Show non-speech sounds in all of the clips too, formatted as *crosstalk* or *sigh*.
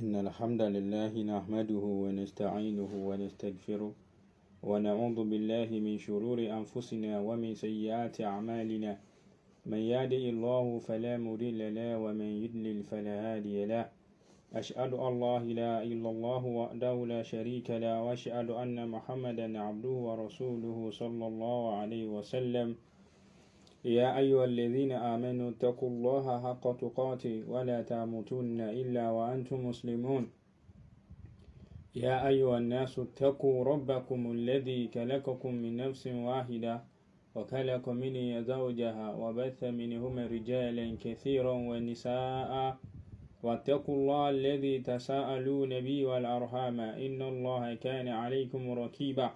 إن الحمد لله نحمده ونستعينه ونستغفره ونعوذ بالله من شرور أنفسنا ومن سيئات أعمالنا من يهد الله فلا مضل له ومن يضلل فلا هادي له أشهد أن لا إله إلا الله وحده لا شريك له وأشهد أن محمدا عبده ورسوله صلى الله عليه وسلم يا أيها الذين آمنوا اتقوا الله حق تقاته ولا تموتن إلا وأنتم مسلمون يا أيها الناس اتقوا ربكم الذي كلككم من نفس واحدة وكلك من زوجها وبث منهما رجالا كثيرا ونساء واتقوا الله الذي تساءلون به والأرحام إن الله كان عليكم رقيبا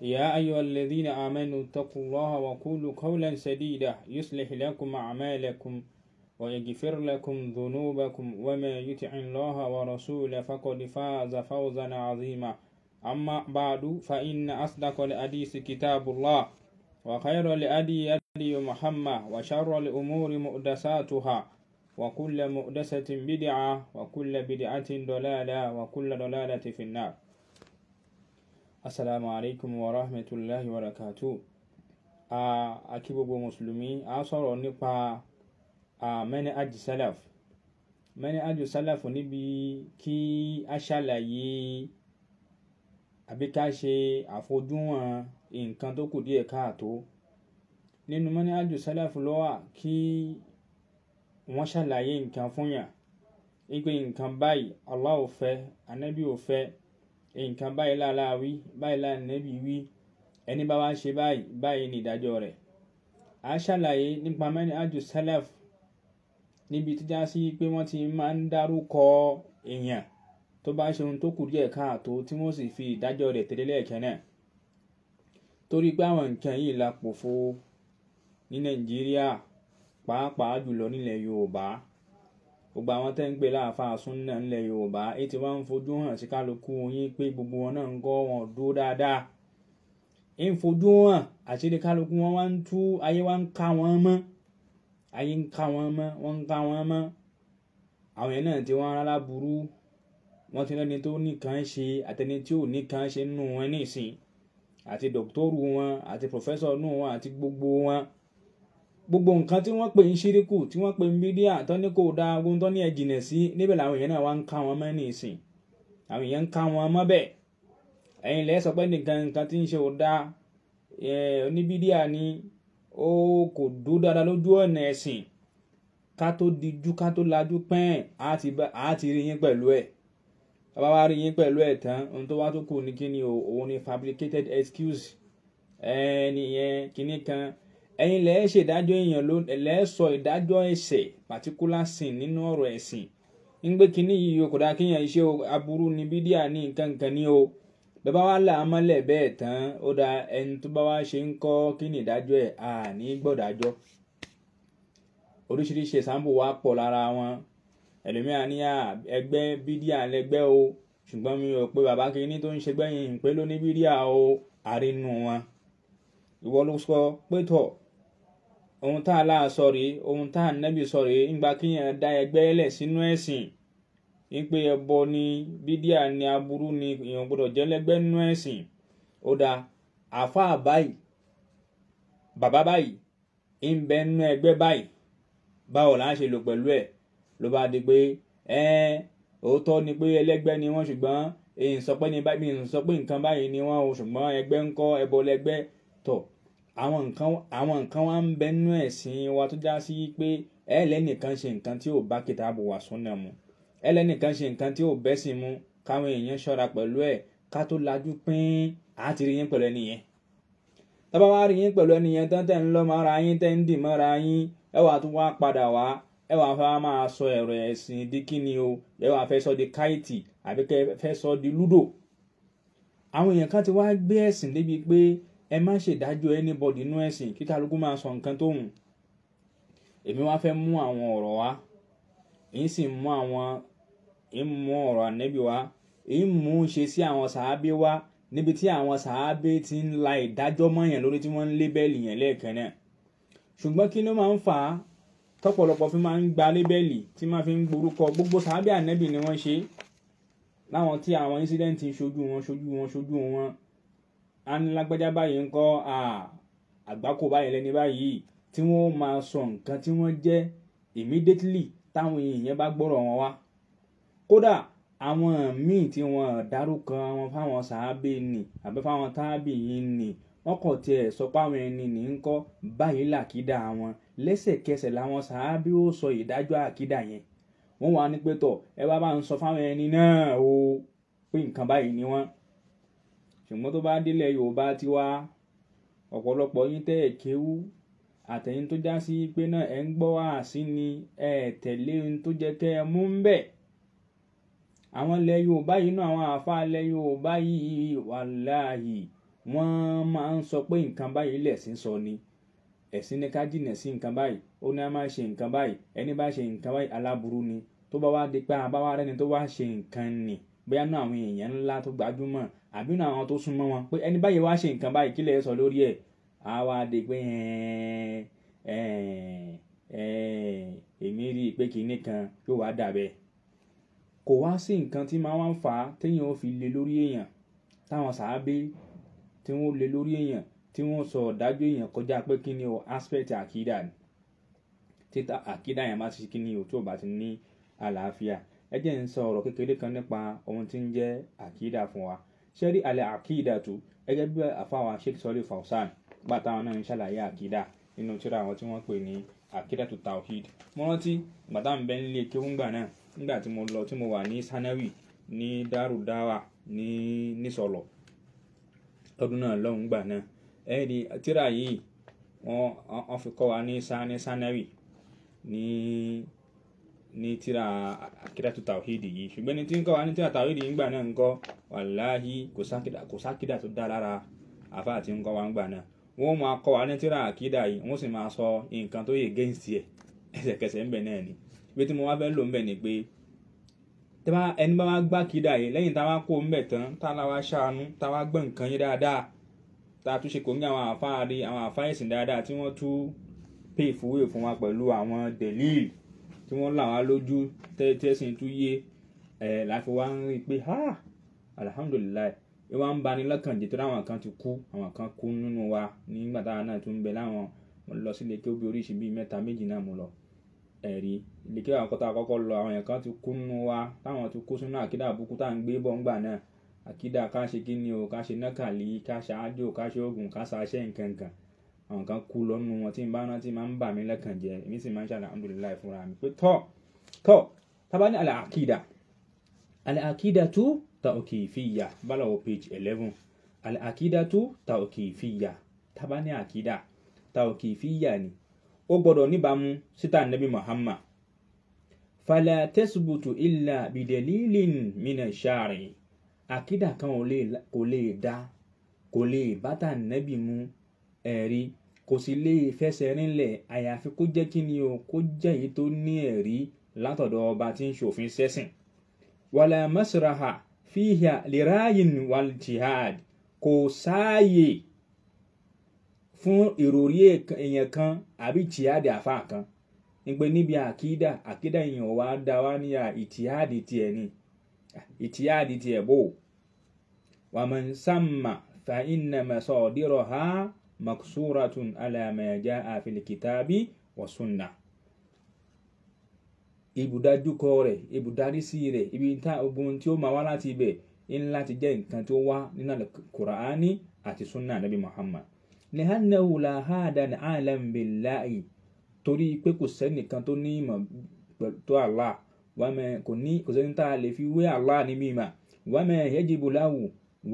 يا أيها الذين آمنوا اتقوا الله وقولوا قولا سديدا يصلح لكم أعمالكم ويغفر لكم ذنوبكم وما يطع الله ورسوله فقد فاز فوزا عظيما أما بعد فإن أصدق الحديث كتاب الله وخير الأدي أدي محمد وشر الأمور مؤدساتها وكل مؤدسة بدعة وكل بدعة ضلالة وكل ضلالة في النار asalaamu alaykum wa rahmatulahi wa barakatu akí gbogbo mùsùlùmí a sọ̀rọ̀ nípa mẹ́ni ají sálàf mẹ́ni ají sálàf níbi kí a ṣàlàyé àbí ká ṣe àfojúwọ̀n nǹkan tó kù díẹ̀ káàtó nínú mẹ́ni ají sálàf lọ́wọ́ kí wọ́n ṣàlàyé nǹkan fún yàn ipe nǹkan báyìí Allah anábì ò nǹkan báyìí láàlá wí báyìí láà nẹ́bí wí ẹni bá wá ṣe báyìí báyìí ní ìdájọ́ rẹ̀ a ṣàlàyé nípa mẹ́ni àjò salaf níbi tó já sí pé wọ́n ti máa ń dárúkọ èèyàn tó bá ṣe ohun tó kù díẹ̀ káàtó tí wọ́n sì fi ìdájọ́ rẹ̀ tẹ̀lé lẹ́ẹ̀kẹ́ náà torí pé àwọn nǹkan yìí la pòfo ní Nàìjíríà pàápàá jùlọ nílẹ̀ Yorùbá gbogbo àwọn tẹ́ ń pè láàfáà súnà ńlẹ̀ yorùbá ètò wa ń fojú hàn sí kálukú yín pé gbogbo wọn náà ń kọ́ wọn dúró dáadáa ń fojú hàn àṣírí kálukú wọn wá ń tú ayé wa ń ká wọn mọ́ ayé ń ká wọn mọ́ wọ́n ń ká wọn mọ́ àwọn yẹn náà ti wọ́n rárá burú wọ́n ti lẹ́ni tó nìkan ṣe àtẹni tí ò nìkan ṣe nù wọn nísìn àti dọ̀kítọ́rù wọn àti pòfẹ́sọ̀ nù wọn àti gbogbo wọn gbogbo nǹkan tí wọ́n pè ń ṣíríkù tí wọ́n pè ń bídíà tó ní kò dáa ogun tó ní ẹ jìnà sí níbẹ̀ làwọn èèyàn náà wá ń ká wọn mọ́ ní ìsìn àwọn èèyàn ń ká wọn mọ́ bẹ́ẹ̀ ẹ̀yin lẹ́ sọ pé nìkan nǹkan tí ń ṣe ò dáa oníbídíà ni ó kò dó dáadáa lójú ọ̀nà ẹ̀sìn ká tó dijú ká tó lajú pẹ́ẹ́n á ti rí yín pẹ̀lú ẹ̀ bàbá wa rí yín pẹ̀lú ẹ̀ tán ohun tó wá tó kù ní kíni òun ni fabricated excuse ẹni yẹn kíní kan ẹ̀yin lẹ́ẹ̀ ṣe ìdájọ́ èèyàn lẹ́ẹ̀ sọ ìdájọ́ ẹ̀ṣẹ̀ particular sin nínú ọ̀rọ̀ ẹ̀sìn ń gbé kínní yìí o kò dáa aburú ní bídíà ní nǹkan o là á mọ́lẹ̀ da ẹni tó bá wá ṣe ń kọ́ kí ìdájọ́ ẹ̀ à ní wọn ẹlòmíà ní ẹgbẹ́ bídíà lẹgbẹ́ o ṣùgbọ́n mi ò pe bàbá kínní tó ń ṣe o àrínú wọn ìwọ ló sọ pé ohun tá a lá sọ rèé ohun tá a nẹ́bí sọ rèé ńgbà kíyàn dá ẹgbẹ́ lẹ̀ sínú ẹ̀sìn wípé ẹbọ ni bídíà ni aburú ni èèyàn gbọdọ̀ jẹ́lẹ́gbẹ́ nínú ẹ̀sìn ó da àáfàá báyìí bàbá báyìí ń bẹ nínú ẹgbẹ́ báyìí báwo là ṣe lò pẹ̀lú ẹ̀ ló bá di pé ẹ́ẹ́ òótọ́ ni pé ẹlẹ́gbẹ́ ni wọ́n ṣùgbọ́n èyí ń sọ pé nǹkan báyìí ni wọ́n o ṣùgbọ́n ẹgbẹ́ ńkọ́ ẹbọ lẹ́gbẹ́ tọ̀ àwọn nǹkan àwọn nǹkan wa ń bẹ nínú ẹ̀sìn wa tó já sí pé ẹlẹ́nìkan ṣe nǹkan tí ò bá kìtàbù wà súnà mu ẹlẹ́nìkan ṣe nǹkan tí ò bẹ́sìn mu káwọn èèyàn ṣọ́ra pẹ̀lú ẹ̀ ká tó lajú pín àti rí yín pẹ̀lú ẹni tọ́ba wá rí yín pẹ̀lú ẹni tán tẹ̀ ń lọ́ mọ́ra yín tẹ̀ ń dì mọ́ra yín ẹ wàá tún wá padà wá ẹ wàá fẹ́ máa sọ ẹ̀rọ ẹ̀sìn di kíni o ẹ wàá fẹ́ sọ di káìtì àbí kẹ́ fẹ́ sọ di lúdò àwọn èèyàn kan ti wá gbé ẹ̀sìn débi pé ẹ má ṣèdájọ́ anybody nínú ẹ̀sìn kí kálukú máa sọ nǹkan tó hùn èmi wá fẹ́ mú àwọn ọ̀rọ̀ wá èyí sì mú àwọn èyí mú ọ̀rọ̀ ànẹ́bí wá èyí mú ṣe sí àwọn sàábé wá níbi tí àwọn sàábé ti ń la ìdájọ́ mọ́yàn lórí tí wọ́n ń lébẹ́lì yẹn lẹ́ẹ̀kan náà ṣùgbọ́n kí ló máa ń fà á tọ́pọ̀lọpọ̀ fi máa ń gba lébẹ́lì tí máa fi ń gborúkọ gbogbo sàábé ànẹ́bí ni wọ́n ṣe láwọn tí àwọn incident ṣojú wọn ṣojú wọn ṣojú wọn á ní lágbájá báyìí ń kọ́ àgbákò báyìí lẹ́ni báyìí tí wọ́n máa sọ nǹkan tí wọ́n jẹ́ immediately táwọn èèyàn bá gbọ́rọ̀ wọn wá kódà àwọn míì tí wọ́n dárúkọ wọn fáwọn sàábì nì àbí fáwọn táàbì yìí nì wọ́n kàn tiẹ̀ sọ páwọn ẹni nì ń kọ́ báyìí làkídà wọn lẹ́sẹ̀kẹsẹ̀ làwọn sàábì ó sọ ìdájọ́ àkídà yẹn wọ́n wà ní pé ẹ bá bá ń sọ fáwọn ẹni náà o pé nǹkan báyìí ni wọ́n ṣùgbọ́n tó bá délẹ̀ yorùbá tiwa ọ̀pọ̀lọpọ̀ yín tẹ́ ẹ̀ kéwú àtẹ̀yìn tó já sí pé náà ẹ̀ ń gbọ́ àṣì ni ẹ̀ tẹ̀lé ohun tó jẹ́ kẹ́ ẹ mú ń bẹ̀ àwọn ilẹ̀ yorùbá yìí náà àwọn àáfàá ilẹ̀ yorùbá yìí wàláhì wọ́n máa ń sọ pé nǹkan báyìí lẹ̀sìn sọ ni ẹ̀sìn ní ká jìnà sí nǹkan báyìí ó ní a máa ṣe nǹkan báyìí ẹni bá ṣe nǹkan báyìí aláburú ni tó bá wá di pé àbáwá rẹ́ni tó wá ṣe nǹkan nì bóyá náà àwọn èèyàn ńlá tó gbajúmọ̀ àbí náà àwọn tó súnmọ́ wọn pé ẹni báyìí wá ṣe nǹkan báyìí kí lè sọ lórí ẹ̀ á wá dé pé èmi rí i pé kinní kan yóò wá dà bẹ́ẹ̀ kò wá sí nǹkan tí máa wá ń fà á téèyàn ó fi lé lórí èèyàn táwọn sàábé tí wọ́n lé lórí èèyàn tí wọ́n sọ ọ̀dájú èèyàn kọjá pé kí ni o aspect àkídà títa àkídà yẹn bá ti kí ni o tó bá ti ní àlàáfíà ẹ jẹ́ n sọ ọ̀rọ̀ kékeré kan nípa ohun tí ń jẹ́ àkídà fún wa ṣé rí alẹ́ àkídà tù gẹ́gẹ́ bí àfáwà Sheikh Sọ́lé Fawzan bàtà àwọn náà ń ṣàlàyé àkídà nínú tíra àwọn tí wọ́n pè ní àkídà tó tawhid mo rántí bàtà ń bẹ nílé náà nígbà tí mo lọ tí mo wà ní sanawi ní Daru Dawa ní lọ́dún náà lọ́hùn ní tíra akídàtú tàwíìdì yìí ṣùgbọ́n ní tí ń kọ́ wa ní tíra tàwíìdì yìí ń gbà náà ń kọ́ wàláhì kò sákìdà tó dá lára àfa àti ń kọ́ wa ń gbà náà wọ́n máa kọ́ wa ní tíra àkídà yìí wọ́n sì máa sọ nǹkan tó yẹ gẹ́ǹsì ẹ̀ ẹsẹ̀kẹsẹ̀ ń bẹ̀ náà ni ibi tí mo wá fẹ́ lò ń bẹ̀ ni pé ẹni bá wá gbá kídà yìí lẹ́yìn tá a wá kó ń bẹ̀ tán tá a wá ṣàánú tá a wá gbọ́ nǹkan yín dáadáa tá a tún ṣe kò ń àwọn àfáà àwọn àfáà dáadáa tí wọ́n tún pè fúwé fún wa pẹ̀lú àwọn dẹ̀líìlì tí wọ́n là wá lójú tẹ́sìn tún yé ẹ̀ láfi wá ń rí i pé alhamdulilayi ẹ wá ń bani lọ́kàn jẹ́ tó láwọn kan ti kú àwọn kan kú nínú wa nígbà táwọn náà tún ń bẹ láwọn mo lọ sí ilé kéwú bí oríṣi bíi mẹ́ta méjì náà mo lọ ẹ̀rí ilé kéwú àwọn kọ́tà kọ́kọ́ lọ àwọn èèyàn kan ti kú nínú wa táwọn ti kú sínú àkídà àbúkú tá à ń gbé bọ́ ńgbà náà àkídà ká ṣe kí ni o ká ṣe nákàlí ká ṣe ájò ká ṣe oògùn ká ṣe aṣẹ́ nǹkan nǹkan àwọn kan kú lọ́nu wọn tí n bá rántí máa ń bà mí lẹ́kàn jẹ́ èmi sì máa ń ṣàlàyé alhamdulilayi fúnra mi pé tọ́ tọ́ tábà ní al-aqida al-aqidatu tawqifiyya bala wo page eleven al-aqidatu tawqifiyya tábà ní àkídà tawqifiyya ni ó gbọ́dọ̀ níbàámu síta nabi Muhammad fala tasbutu illa bidalilin mina shari àkídà kan kò lè dá kò lè bá tà nabi mu ẹ̀rí kò sì lè fẹsẹ̀ rinlẹ̀ àyàfi kó jẹ́ kí ni o kó jẹ́ èyí tó ní ẹ̀rí látọ̀dọ̀ ọba tí ń ṣòfin sẹ́sìn. wàlà masraha fíhà lirayin wal jihad kò sáàyè fún ìròrí èèyàn kan àbí jihad àfa kan ìpè níbi àkídà àkídà èèyàn wa dá wa ní ìtìhad tiẹ̀ ni ìtìhad tiẹ̀ bò wàmọ̀ nsàmà fa ìnàmẹ̀sọ̀ dírọ̀ ha maksuratun ala ma jaa fil kitabi wa sunna ibùdájúkọ rẹ̀ ibùdárísí rẹ̀ ibi tá ogun tí ó máa wá láti ibẹ̀ ńlá ti jẹ́ nǹkan tí ó wá nínú kùránì àti sunna nabi muhammad lihannahu la hadan alam billahi torí pé kò sẹ́nìkan tó ní ìmọ̀ tó allah wàmẹ̀ kò ní kò sẹ́ni tá a lè fi wé allah níbi ìmọ̀ wàmẹ̀ yajibu lahu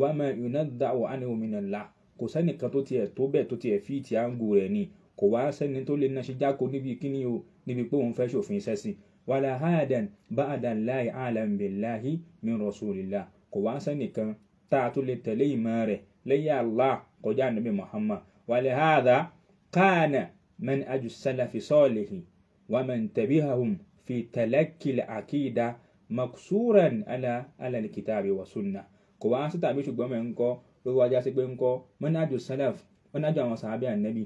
wàmẹ̀ yunadau anhu minallah kò sẹ́nìkan tó tiẹ̀ tó bẹ́ẹ̀ tó tiẹ̀ fi ti àǹgù rẹ̀ ni kò wá sẹ́ni tó lè náṣe jáko níbi kíní o níbi pé òun fẹ́ ṣòfin iṣẹ́ sí wàlà hadan ba'dan láì alàmìláhi min rasulillah kò wá sẹ́nìkan tá a tó lè tẹ̀lé ìmọ̀ rẹ̀ lẹ́yìn Allah kọjá nàbí Muhammad wàlà hada kánà man aju salafi sọ́ọ̀lìhì wàmẹ̀n tẹ̀bíhàhùn fi tẹ̀lẹ́kìl àkìdá maksuran ala alalkitabi wa sunna kò wá sí tàbí ṣùgbọ́n mẹ́ ló wá jásí pé ńkọ́ mọ́nájú sálàf mọ́nájú àwọn sàábẹ́ ànẹ́bì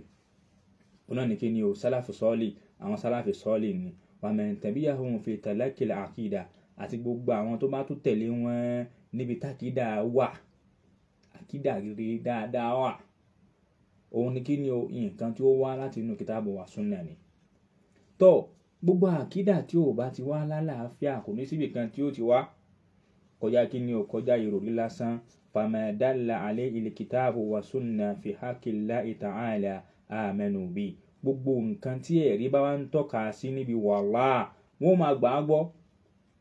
ọ̀nà nìkí ni o sálàfù sọ́ọ̀lì àwọn sálàfù sọ́ọ̀lì ni wàmẹ̀ntẹ̀bíyàhùn fi tẹ̀lẹ́kìlà àkìdà àti gbogbo àwọn tó bá tún tẹ̀lé wọn níbi tákìdá wà àkìdá rere dáadáa wà òun ni kí ni o nǹkan tí ó wá láti inú kìtàbù wà súnà ni tó gbogbo àkìdá tí ò bá ti wá lálàáfíà kò ní síbi kan tí ó ti wá kọjá kí ni o kọjá ìròrí lásán فما دل عليه الكتاب والسنة في حق الله تعالى آمنوا بي. gbogbo nǹkan tí ẹ̀rí bá wá ń tọ́ka sí níbi wàhálà wọn ò máa gbà á gbọ́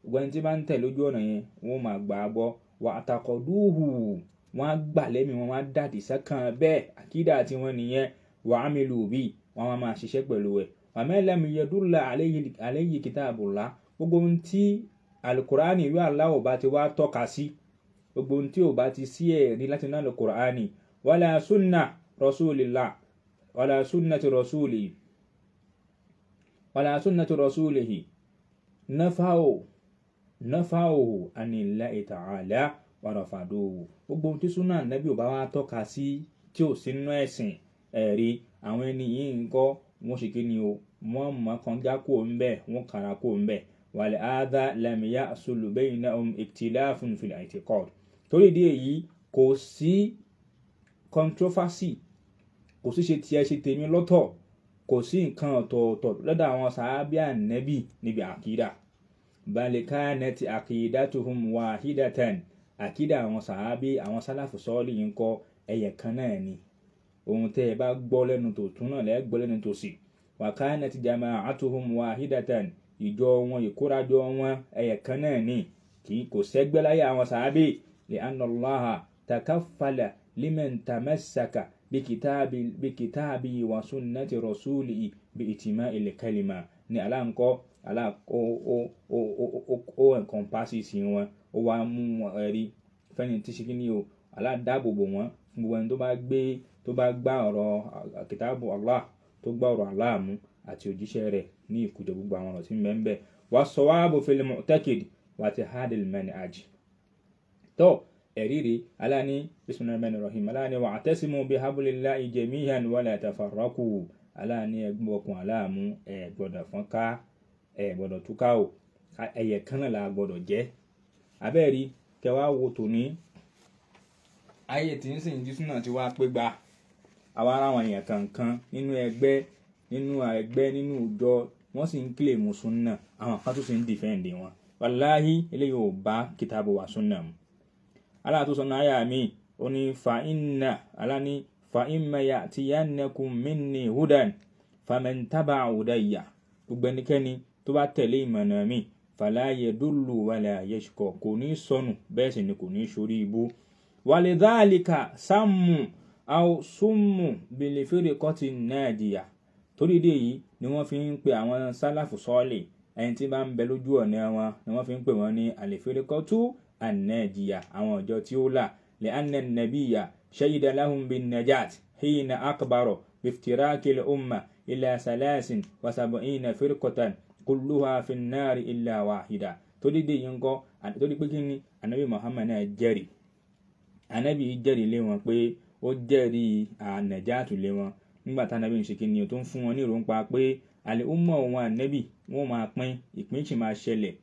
gbẹ́ni tí bá ń tẹ̀ lójú ọ̀nà yẹn wọn ò máa gbà á gbọ́ wà àtàkọ̀dúhù wọn á gbà lẹ́mí wọn á dàdí sẹ́kàn bẹ́ẹ̀ àkídà tí nìyẹn wà á mi bí wọn máa ṣiṣẹ́ pẹ̀lú ẹ̀ wà mẹ́lẹ́mi yẹdúrà kìtàbùlá gbogbo ohun tí alukurani ìlú aláwọ̀ bá ti wá tọ́ka sí gbogbo ohun tí ò bá ti sí ẹ̀rí láti náà lọ kùránì wàlà súnà rasulillah wàlà súnà ti rasuli wàlà súnà ti rasulihi nafawo nafawo anillahi ta'ala wàràfàdó gbogbo ohun tí súnà nàbí ò bá wá tọ́ka sí tí ò sí nínú ẹ̀sìn ẹ̀rí àwọn ẹni yìí ń kọ́ wọ́n ṣe kí ni o wọ́n mọ̀ kàn já kó ń bẹ̀ wọ́n kàrà kó ń bẹ̀ wàlẹ̀ àádá lẹ́mìíyá sùlùbẹ́yìn náà ìtìláàfún fil i'tiqad torí ìdí èyí kò sí controversy kò sí ṣe tiẹ̀ ṣe tèmi lọ́tọ̀ kò sí nǹkan ọ̀tọ̀ọ̀tọ̀ lọ́dọ̀ àwọn sàábíà nẹ́bì níbi àkídà balika neti àkídà tuhum wahidatan àkídà àwọn sàábí àwọn sálàfù sọ́ọ́lì yìí ń kọ́ ẹ̀yẹ̀ kan náà ni ohun tẹ́ ẹ bá gbọ́ lẹ́nu tòtún náà lẹ́ẹ̀ gbọ́ lẹ́nu tòsì wàká neti jama'atuhum wahidatan ìjọ wọn ìkórajọ wọn ẹ̀yẹ̀ kan náà ni kò sẹ́gbẹ́ láyé àwọn sàábí لأن الله تكفل لمن تمسك بكتاب بكتابه وسنة رسوله بإتماع الكلمة ní aláǹkọ́ alá ó ó ó ó ó ẹ̀ǹkọ̀ǹpásì sí wọn ó wá mú wọn ẹ̀rí fẹ́ni tí ni o aládàbòbò wọn fún gbogbo ẹni tó bá gbé tó bá gbá ọ̀rọ̀ kìtàbù Allah tó gbá ọ̀rọ̀ Allah mú àti òjíṣẹ́ rẹ̀ ní gbogbo àwọn ọ̀rọ̀ tí ń bẹ ń bẹ wá sọ wá bò fil ti hadil manhaj tó ẹ̀ríri aláàní bisimilahi rahim aláàní wa àtẹ́símù bíi habulillahi jami'an wala tafarraqu aláàní ẹgbẹ́ ọkùn aláàmú ẹ̀ gbọ́dọ̀ fọ́nká ẹ̀ gbọ́dọ̀ túká o ẹ̀yẹ kan náà la gbọ́dọ̀ jẹ́ abẹ́ẹ̀rí kẹwàá wo tòní ayé tí ń sìn jísù náà ti wá pé gba àwa ara àwọn èèyàn kankan nínú ẹgbẹ́ nínú ẹgbẹ́ nínú ìjọ wọ́n sì ń kílè mú súnà àwọn kan sì ń dìfẹ́ǹdì wọn wàláhí eléyìí ò bá kìtàbù wà súnà mu aláàtúnṣe náà àyà mi ó ní fa inna aláni fa imma ya'tiyannakum minni hudan faman taba'a hudayya gbogbo ẹnikẹ́ni tó bá tẹ̀lé ìmọ̀nà mi fala yadullu wala yashqa kò ní sọnù bẹ́ẹ̀ sì ni kò ní sórí ibú walidhalika sammu aw summu bil firqati nadiya torí dé yìí ni wọ́n fi ń pe àwọn sálàfù sọ́ọ̀lì ẹni tí bá ń bẹ lójú ọ̀nà wọn ni wọ́n fi ń pè wọ́n ní al firqatu الناجية أو جوتيولا لأن النبي شهد لهم بالنجاة حين أكبروا بافتراك الأمة إلى ثلاث وسبعين فرقة كلها في النار إلا واحدة تولي ينكو تولي بكيني النبي محمد جري النبي جري لهم بي ó jẹ́rìí ànàjáàtù lé wọn nígbà tá ànábì ń ṣe kí ni tó ń fún wọn ní ìròǹpa pé àlè ó mọ̀ òun ànábì wọ́n máa pín ìpín sì máa ṣẹlẹ̀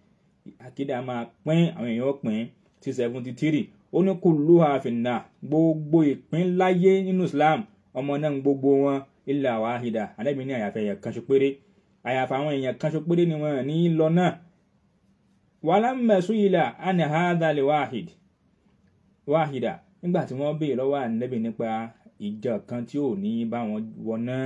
àkídà máa pín àwọn èèyàn pín sí seventy three ó ní kùlú àfìnà gbogbo ìpín láyé nínú Islam ọmọ náà gbogbo wọn ilà wàhídà ànábì ní àyàfẹ́ èèyàn kan ṣo péré àyàfẹ́ àwọn èèyàn kan ṣo ni wọn ní lọ náà wàhálà mẹ́sùn ilà àni àádálẹ̀ wàhídà nígbà tí wọ́n béèrè lọ́wọ́ ànábì nípa ìjọ kan tí ò ní bá wọn wọná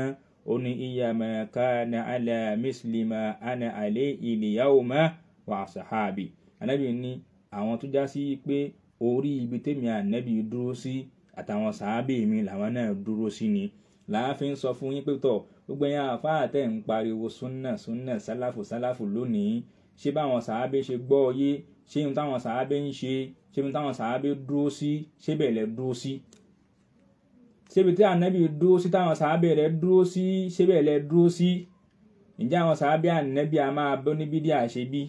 ó ní iyàmẹ̀ká ní alẹ́ mísìlìmọ̀ àni àlẹ́ ìlìyàwó mọ́ wa sahabi ànábì ní àwọn tó já sí pé orí ibi tèmi ànábì dúró sí àtàwọn sàábì mi làwọn náà dúró sí ni láàfin sọ fún yín pé tọ gbogbo yẹn àfáà tẹ̀ ń pariwo súnà súnà sálàfù sálàfù lónìí ṣé báwọn sàábì ṣe gbọ́ yé ṣé ohun táwọn sàábì ń ṣe ṣé ohun táwọn sàábì dúró sí ṣé bẹ̀lẹ̀ dúró sí ṣébi tí ànábì dúró sí táwọn sàábì rẹ̀ dúró sí ṣé bẹ̀lẹ̀ dúró sí ǹjẹ́ àwọn sàábì ànábì a máa bọ́ níbí díà ṣe bí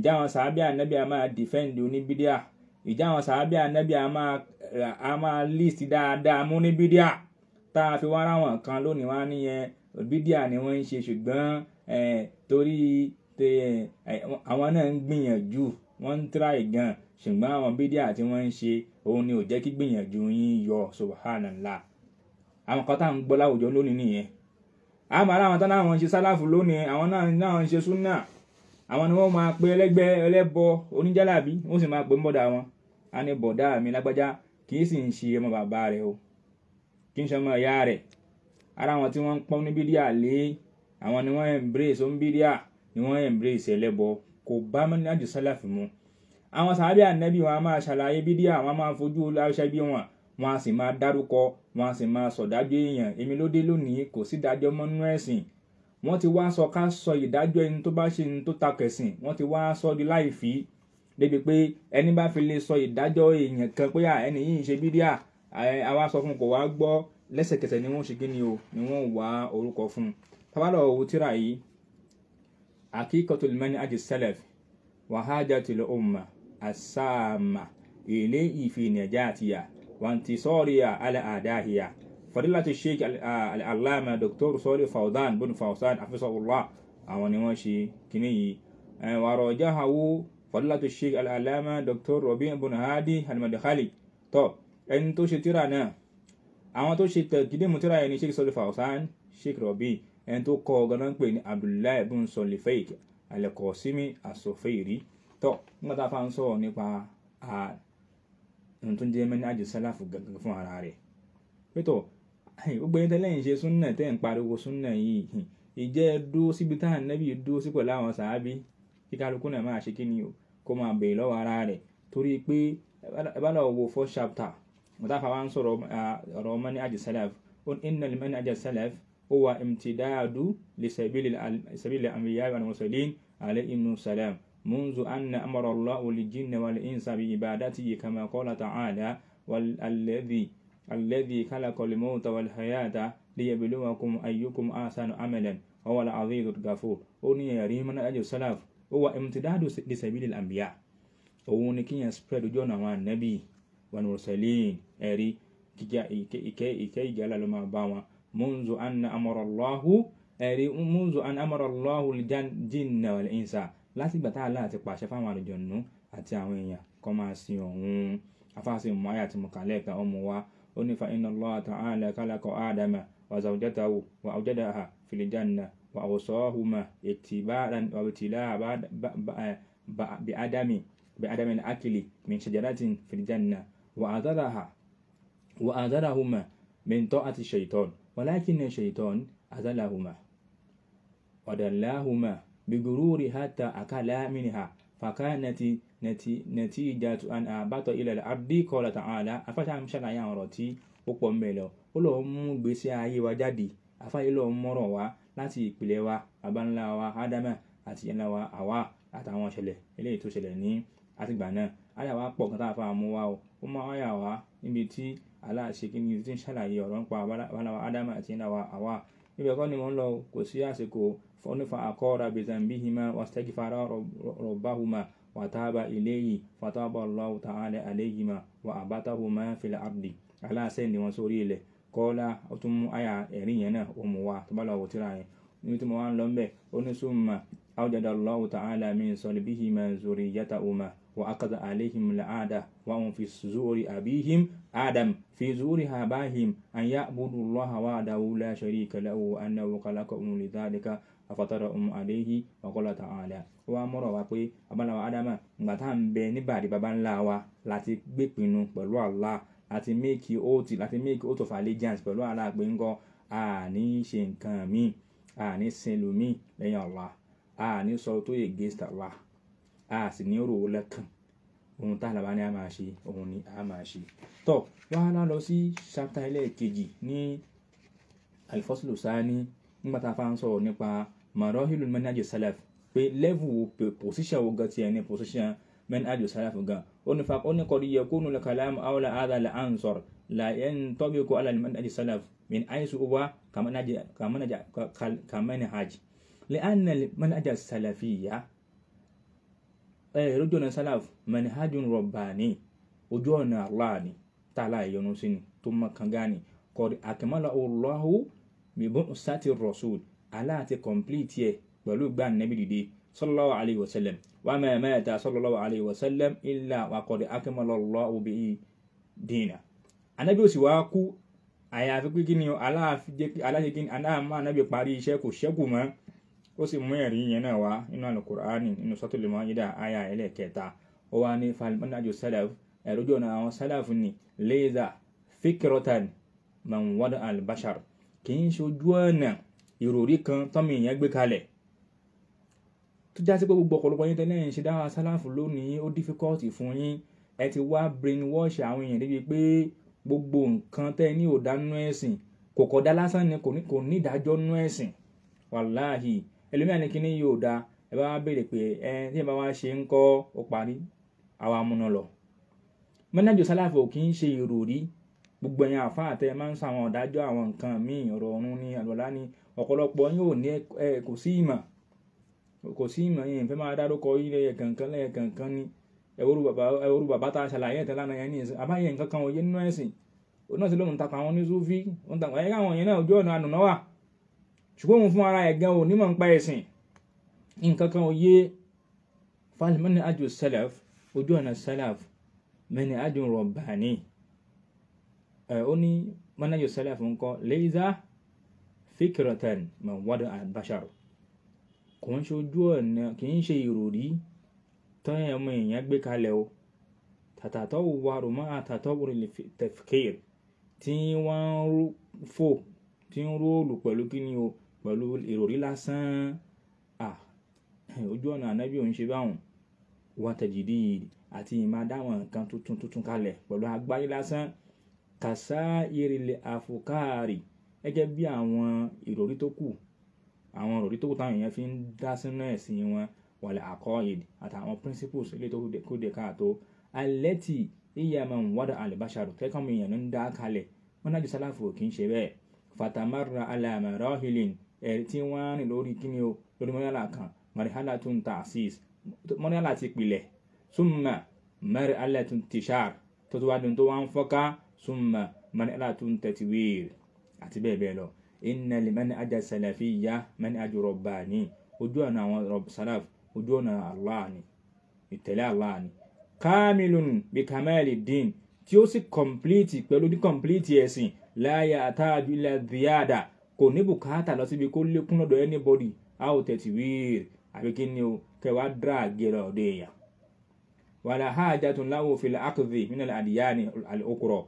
ǹjẹ́ àwọn sàábì ànábì a máa defend oníbídíà ǹjẹ́ àwọn sàábì ànábì a máa a máa list dáadáa mú oníbídíà tá a fi wá ráwọn kan lónìí wá nìyẹn bídíà ni wọ́n ń ṣe ṣùgbọ́n torí àwọn náà ń gbìyànjú wọ́n ń try gan ṣùgbọ́n àwọn bídíà tí wọ́n ń ṣe òun ni ò jẹ́ kí gbìyànjú yín yọ subhanallah àwọn kan tá à ń gbọ́ láwùjọ lónìí nìyẹn àmọ́ àwọn táwọn ń ṣe sálàfù lónìí àwọn náà ń ṣe súnà àwọn ni wọ́n máa pe ẹlẹ́gbẹ́ ẹlẹ́bọ oníjàlábí wọ́n sì máa pe mọ́dà wọn á ní bọ̀dá mi lágbájá kì í sì ń ṣe ọmọ bàbá rẹ̀ o kì í ṣe ọmọ ìyá rẹ̀ ara wọn tí wọ́n ń ní bídíà lé àwọn ni wọ́n embrace ó ń bídíà ni wọ́n embrace ẹlẹ́bọ kò bá mọ́nájú sálàfì mu àwọn sàábì ànẹ́bí wọn a máa ṣàlàyé bídíà wọn a máa fojú aṣẹ́ bí wọn wọn a sì máa dárúkọ wọn a sì máa sọ̀dájú èèyàn èmi ló dé lónìí kò sí dájọ́ mọ́nú ẹ̀sìn wọ́n ti wá sọ ká sọ ìdájọ́ ẹni tó bá ṣe ẹni tó ta kẹ̀sìn wọ́n ti wá sọ di láì fi débi pé ẹni bá fi lè sọ ìdájọ́ èèyàn kan pé ẹni yìí ń ṣe bídíà àwa sọ fún kò wá gbọ́ lẹ́sẹ̀kẹsẹ̀ ni wọ́n ṣe kí ni o ni wọ́n wá orúkọ fún un tábàlọ̀ owó tíra yìí akíkọ̀tò lẹ́mẹ́ni àti sẹ́lẹ̀f wàhájà tìlẹ̀ ọmọ àsáàmà èlé ìfìnìjà àtìyà wàǹtí sọ́ọ̀rìyà alẹ́ àdáhìyà fadila ti sheik ah, al'alama dr soli fawzan bin fawzan afisahullah àwọn ni wọ́n ṣe kíní yìí wa rajahahu fadila ti sheik al'alama dr rabi' bin hadi al-madkhali tó ẹni tó ṣe tíra náà àwọn tó ṣe tẹ̀gídé mu tíra yẹn ni sheik soli fawzan sheik rabi' ẹni tó kọ́ ganan pè ní abdullahi bin soli fake al-qasimi as-sufairi tó nígbà tá a fa ń sọ̀rọ̀ nípa ah, ohun tó ń jẹ́ mẹ́ni àjẹsálàfù gàgàgà fún ara rẹ̀ pé gbogbo yín tẹ́lẹ̀ ń ṣe súnà tẹ́ ń pariwo súnà yìí ìjẹ́ dúró síbi táwọn nẹ́bí dúró sí pẹ̀lú àwọn sàábí kí kálukú náà máa ṣe kí ni o kó máa bèè lọ́wọ́ ara rẹ̀ torí pé ẹ bá lọ wo first chapter mọ̀tàfà wa ń sọ̀rọ̀ ọ̀rọ̀ mani ajì salaf ó ní innal mani ó wà imtidadu li sabili al-anbiya wal-mursalin منذ أن أمر الله للجن والإنس بعبادته كما قال تعالى والذي الذي خلق الموت والحياة ليبلوكم أيكم أحسن عملا وهو العزيز الغفور أوني يريم من أجل السلف هو امتداد لسبيل الأنبياء أوني كي يسبرد جونا والنبي والمرسلين أري كي جلال ما باوا منذ أن أمر الله أري منذ أن أمر الله الجن والإنس láti ìgbà tá a láti pàṣẹ fáwọn àlùjọ̀nù àti àwọn èèyàn kọ́ máa sin òun afáàsìn mọ́ àyà tí mo kà lẹ́ẹ̀kan ọmọ wa ó ní fa inna Allaha ta'ala khalaqa Adama wa zawjatahu wa awjadaha fil janna wa awsahuma ittibaran wa ibtilaa eh, bi adami bi adami al-akli min shajaratin fil janna wa azaraha wa azarahuma min ta'ati shaytan walakin shaytan azalahuma wa dallahuma bi gururi hatta akala minha fakanati natijatu an àbátọ̀ ah, ilal abdi qala ta'ala afáṣà ń ṣàlàyé àwọn ọ̀rọ̀ tí ó pọ̀ ń bẹ̀ lọ ó lọ́ọ́ mú gbèsè ayé wa jáde afáyé lọ́ọ́ mọ́rọ̀ wa láti ìpìlẹ̀ wa baba wa ádámà àti ìyá wa àwa àtàwọn ìṣẹ̀lẹ̀ eléyìí tó ṣẹlẹ̀ ní àtìgbà náà àyà wa pọ̀ kan tá a fa àmú wa o ó máa wáyà wá níbi tí aláàṣẹ kí ni ti ń ṣàlàyé ọ̀rọ̀ nípa bala wa ádámà àti ìyá wa àwa níbẹ̀ kọ́ ni wọ́n lọ kò sí àsìkò fọ́nífà àkọ́ra bizambihima wàsítẹ́gìfà rọ̀báhùmá وتاب إليه فتاب الله تعالى عليهما وأبتهما في الأرض على سن وسوريله قال أتم أيا إرينا أموا تبلا وتراي نتموا عن لمبه ونسمى أوجد الله تعالى من صلبهما ذريتهما وأخذ عليهم العادة وهم في زور أبيهم آدم في زور آبائهم أن يعبدوا الله وحده لا شريك له وأنه خلقهم لذلك afatara ohun àléhí ọ̀kọ́lọ̀ ta'ala ó wá mọ̀rọ̀ wá pé babaláwa ádámà ìgbà tá à ń bẹ níbàdí baba ńlá wa láti gbépinnu pẹ̀lú Allah láti méèkì oath láti méèkì oath of allegiance pẹ̀lú Allah pé ńkọ́ àní ṣe nǹkan míì àní sinlùmí lẹ́yìn Allah àní sọ tó yẹ against Allah a sì ní òrò lẹ́kàn ohun tá a làbá a máa ṣe ohun ni a máa ṣe tọ wàhálà lọ sí chapter ẹlẹ́ẹ̀kejì ní alifọ́sílù ní nígbà tá a fa ń sọ̀rọ̀ nípa marahilul manhaj salaf pé level position wo gan tiẹ̀ ní position manhaj salaf gan ó ní fa ó ní kọ́ yẹ kó nulẹ̀ kàlámù awla hadha la ansor la yẹn tọ́bi kó ala manhaj salaf min aisu uwa kamanhaj li anna manhaj salafiyya ẹ̀rọ̀jọ́ náà salaf manhajun rabbani ojú ọ̀nà Allah ni tààlà ìyọnu sí ni tó mọ̀ kàn gani kọ́ akẹ́mọ́lá Allahu bíbọn sátì rasul Allah ti complete ẹ̀ pẹ̀lú gbà nẹ́bí dìde sallallahu alayhi wa sallam wa ma mata sallallahu alayhi wa sallam illa wa qad akmala Allahu bihi dina anabi ò sì wá kú àyàfi pé kí ni aláṣekí aláàmú anabi parí iṣẹ́ kò ṣẹ́kù mọ́ ó sì mú ẹ̀rí yẹn náà wá nínú alukur'ani nínú suratul Maida àyà ẹlẹ́kẹta ó wá ní falmanaju salaf ẹ̀rọjọ́ ọ̀nà àwọn salaf ni leza fikirotan man wada albashar kì í ṣojú ọ̀nà ìròrí kan tọ́mọ èèyàn gbé kalẹ̀ tó já sí pé gbogbo ọ̀pọ̀lọpọ̀ yín tẹ́lẹ̀ ń ṣe dáwà sálàfù lónìí ó dífíkọ́ọ̀tì fún yín ẹ ti wá brainwash àwọn èèyàn débi pé gbogbo nǹkan tẹ́ ní ò dánú ẹ̀sìn kò kọ̀dá lásán ni kò ní ìdájọ́ nú ẹ̀sìn wàláhì ẹlòmíràn ní kíní yóò da ẹ bá wá béèrè pé ẹ tí ẹ bá wá ṣe ń kọ́ ó parí àwa amúnà lọ mẹ́nájò sálàfù kì í ṣe ìròrí gbogbo ẹ̀yin àfáà tẹ́ ẹ máa ń sàwọn ọ̀dájọ́ àwọn nǹkan míì ọ̀rọ̀ ọ̀run ni àlọ́lá ni ọ̀pọ̀lọpọ̀ yóò ní ẹ kò sí ìmọ̀ kò sí ìmọ̀ yẹn fẹ́ máa dárúkọ ilé ẹ̀ kankan lẹ́yìn kankan ni ẹ̀wòrú bàbá ẹ̀wòrú bàbá tá a ṣàlàyé ẹ̀tẹ́ lánàá yẹn ní ìsìn àbáyé nǹkan kan òye nínú ẹ̀sìn náà sì lóun takọ̀ àwọn ní sufi òun takọ̀ ẹ̀yẹ́ káwọn yẹn náà ojú ọ̀nà ànùná wà ṣùgbọ́n òun fún ara ẹ̀ gan onímọ̀ nípa ẹ̀sìn nǹkan kan òye falimani ajo salaf ojú ọ̀nà Eh, ó ní manhaju salaf ń kọ́ leiza fikratan man wada al-bashar kò ń ṣojú ọ̀nà kì í ṣe ìròrí tọ́yìn ọmọ èèyàn gbé kalẹ̀ o tàtàtọ́ wa rùmọ́ àtàtọ́ tafkir tí wọ́n ń fò tí ń róòlù pẹ̀lú kíni o pẹ̀lú ìròrí lásán ojú ọ̀nà ànábì òun ṣe báwọn wọ́n tẹ̀jìdì àti ìmáa dáwọn nǹkan tuntun tuntun kalẹ̀ pẹ̀lú agbáyé lásán kàṣá ìrìlẹ̀ àfòkáàrì gẹ́gẹ́ bí àwọn ìròrí tó kù àwọn ìròrí tó kù táwọn èèyàn fi ń dá sínú ẹ̀sìn wọn wàlẹ̀ àkọ́yèd àtàwọn principles ilé tó kúdẹ̀ káàtó alẹ́tì ìyàmọ̀ wàdà àlùbáṣàrò kẹ́kọ̀ọ́ mi èèyàn ń dá kalẹ̀ wọn náà ju sálàfò kì í ṣe bẹ́ẹ̀ fatamarra alamara hilin ẹ̀rí tí wọ́n rìn lórí kíni o lórí mọ́nyálà kan mọ̀rẹ́hálà tó ta àṣìṣ mọ́nyálà ti pilẹ̀ súnmọ́ mẹ́rẹ́ alẹ́ tó ń tó tó wá dùn tó wá ń fọ́ká súnmà mọ́nìlá tún tẹ̀tí wíìrì àti bẹ́ẹ̀ bẹ́ẹ̀ lọ iná lè mẹ́ni ajá sàlàfí yá mẹ́ni ajá rọ̀bà ní ojú ọ̀nà àwọn sàlàf ojú ọ̀nà Allah ni ìtẹ̀lé Allah ni kámilun bí kamali dín tí ó sì kọ̀mplíìtì pẹ̀lú ní kọ̀mplíìtì ẹ̀sìn láyà àtàjù ilẹ̀ díàdà kò ní bùkátà lọ síbi kó lékún lọ́dọ̀ anybody a ò tẹ̀tí wíìrì àbí kí ni o kẹwàá dráàgì lọ́dọ̀ èèyàn wàlà hajjatun láwòfin akadhi min al-adyani al-ukra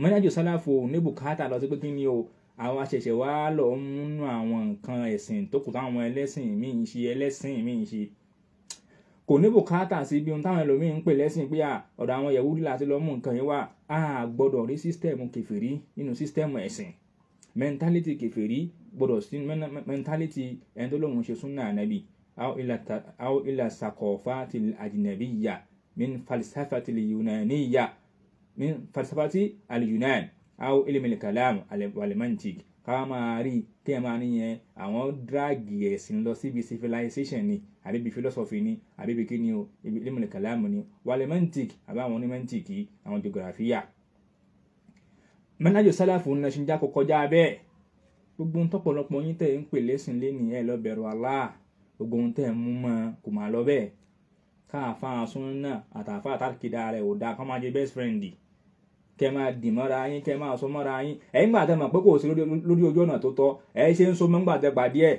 mọ́nájú sálàfò ní bùkátà lọ sí pé kí ni o àwọn àṣẹ̀ṣẹ̀ wá lọ ń múnú àwọn nǹkan ẹ̀sìn tó kù táwọn ẹlẹ́sìn míì ń ṣe ẹlẹ́sìn míì ń ṣe kò ní bùkátà sí ibi ohun táwọn ẹlòmíín ń pè lẹ́sìn pé ọ̀dọ̀ àwọn yẹ̀wúdí láti lọ mú nǹkan yẹn wá a gbọ́dọ̀ rí sísítẹ̀mù kẹfìrí nínú sísítẹ̀mù ẹ̀sìn mẹ́ńtálítì kẹfìrí gbọ́dọ̀ sí mẹ́ńtálítì ẹni tó lóun ṣe súnà ànábì aw ilà sàkọ̀fà ti àjìnàbí yà min falsafa ti yunaniya min falsafati al-yunan aw ilmi al-kalam wal-mantiq ká máa dragi kí ẹ máa níyẹn àwọn civilization ni àbí ibi philosophy ni àbí ibi kíni o ilmi al ni wal-mantiq àbí àwọn onímọ̀ntìk àwọn geographiya. manhajú sálàfù ń lọ sí jákò kọjá bẹ́ẹ̀ gbogbo ohun tọ́pọ̀lọpọ̀ yín tẹ̀ ń pè lẹ́sìn lẹ́nìí ẹ lọ bẹ̀rù Allah gbogbo ohun tẹ̀ ń mú mọ́ kò máa lọ bẹ́ẹ̀ káàfáà sunna àtàfáà tàkìdá rẹ̀ ò dáa kọ́ máa jẹ best friend yìí kẹ máa dì mọ́ra yín kẹ máa so mọ́ra yín ẹ̀yin gbà tẹ́ mọ̀ pé kò sí lórí ojú ọ̀nà tó tọ́ ẹ̀ ṣe ń so mọ́ gbà tẹ́ pàdé ẹ̀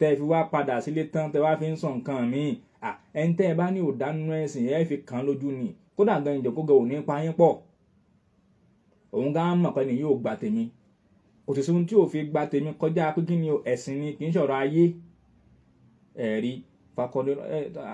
tẹ́ fi wá padà sílé tán tẹ́ wá fi ń sọ nǹkan míì à ẹni tẹ́ ẹ bá ní òdánù ẹ̀sìn ẹ̀ fi kàn lójú ni kódà gan ìjọkógẹ ò ní pa yín pọ̀ òun gan mọ̀ pé ni yóò gba tèmi kò sì sóhun tí ò fi gba tèmi kọjá pé ni ẹ̀sìn ni kì í ṣọ̀rọ̀ ayé ẹ̀rí fakọdé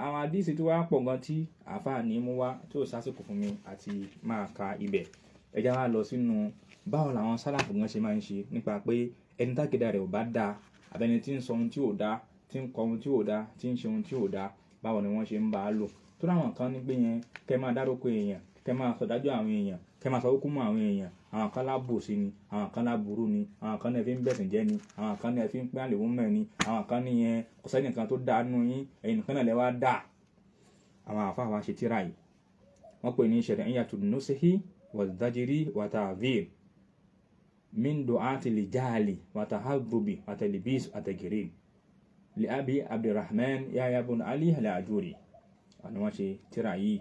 àwọn àdìsí tí wàá pọ̀ gan tí àáfàá ní mú wá tí ò sásìkò fún mi àti máa ka ibẹ̀ ẹja wa lọ sínú báwo làwọn sálàfù gan ṣe máa ń ṣe nípa pé ẹni tágídá rẹ̀ ò bá dáa àbẹni tí ń sọ ohun tí ò dáa tí ń kọ ohun tí ò dáa tí ń ṣe ohun tí ò dáa báwo ni wọ́n ṣe ń bá a lò tó láwọn kan ní pé yẹn kẹ́ máa dárúkọ èèyàn kẹ́ máa sọdájọ́ àwọn èèyàn kẹ́ máa sọ kókó mọ́ àwọn èèyàn àwọn kan lábòsí ni àwọn kan láburú ni àwọn kan ní ẹ fi ń ni àwọn kan ní ẹ fi ń pín àlèwọ́ mẹ́ ni àwọn kan ní yẹn kò sẹ́ni kan tó dáa nù yín ẹ̀yin nìkan náà lẹ wá dáa àwọn àfa wa ṣe tíra yìí wọ́n pè ní ṣẹ̀rẹ̀ ẹ̀yà tùdùnú sí والزجر وتعذيب من دعاة الجهل وتهذب وتلبيس وتجريب لأبي عبد الرحمن يا بن علي العجوري àwọn wọn ṣe tíra yìí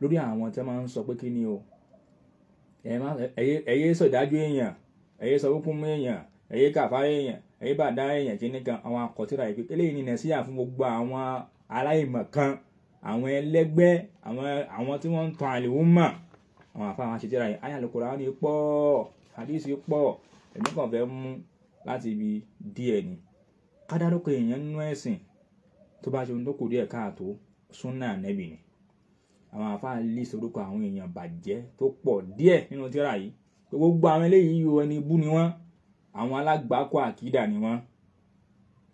lórí àwọn tí wọn máa ń sọ pé kí ni o ẹyẹ sọdájú èèyàn ẹyẹ sọwọkùnmú èèyàn ẹyẹ kàfárẹ èèyàn ẹyẹ bàdá èèyàn kíní kan àwọn akọtíra yìí pé eléyìí ni nàìjíríà fún gbogbo àwọn aláìmọ̀ kan àwọn ẹlẹ́gbẹ́ àwọn tí wọ́n ń tan àlèwò mọ̀ àwọn àfáà wọn ṣe tíra yẹn ayàlẹ kùránì pọ̀ hadisi pọ̀ èmi kàn fẹ́ mú láti ibi díẹ̀ ni kádàrúkọ èèyàn nínú ẹ̀sìn tó bá ṣe ohun tó kù díẹ̀ káàtó súnà nẹ́bì ni àwọn àfáà list orúkọ àwọn èèyàn bàjẹ́ tó pọ̀ díẹ̀ nínú tíra yìí pé gbogbo àwọn eléyìí yóò ẹni bú ni wọ́n àwọn alágbàákọ àkídà ni wọ́n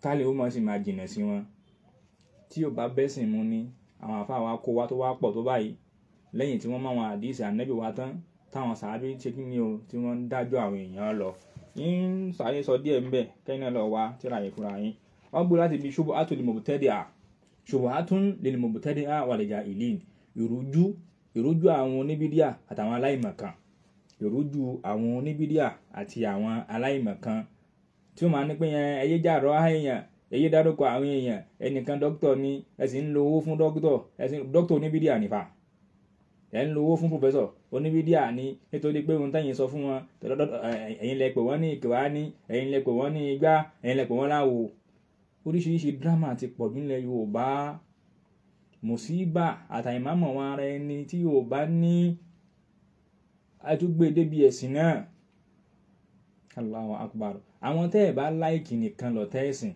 tálẹ̀ ó mọ̀ sí máa jìnà sí wọn tí ò bá bẹ́sìn mu ni àwọn àfáà wa kó wa tó wá pọ̀ tó báyìí lẹ́yìn tí wọ́n mọ àwọn àdìsí ànábì wa tán táwọn sàábí ṣe kí ni o tí wọ́n ń dájọ́ àwọn èèyàn lọ ń sáré sọ díẹ̀ ńbẹ̀ kẹ́yìn náà lọ wá tíra yìí fúnra yín wọ́n gbé láti ibi ṣubu atun limobutẹ́dìá ṣubu atun limobutẹ́dìá wàlẹ̀jà ìlín ìrújú ìrújú àwọn oníbídíà àtàwọn aláìmọ̀kan ìrújú àwọn oníbídíà àti àwọn aláìmọ̀kan tí ó máa ní pé yẹn ẹyẹ jàrọ èèyàn ẹyẹ dárúkọ àwọn èèyàn ẹnìkan dókítọ̀ ni ẹ sì ń lo owó fún dókítọ̀ ẹ sì dókítọ̀ oníbídíà nìfà ẹ̀ ń lo owó fún pòfẹ́sọ̀ oníbídíà ni nítorí pé ohun tẹ́yìn sọ fún wọn ẹ̀yin lẹ pè wọ́n ní ìkìwání ẹ̀yin lẹ pè wọ́n ní igbá ẹ̀yin lẹ pè wọ́n láwo oríṣiríṣi dírámà ti pọ̀ nílẹ̀ Yorùbá mùsíbà àtàìmámọ̀ wọn ara ẹni tí Yorùbá ní àtúgbè e débi ẹ̀sìn náà Allahu akbar àwọn tẹ́ ẹ̀ bá láìkì nìkan lọ́tẹ́ ẹ̀sìn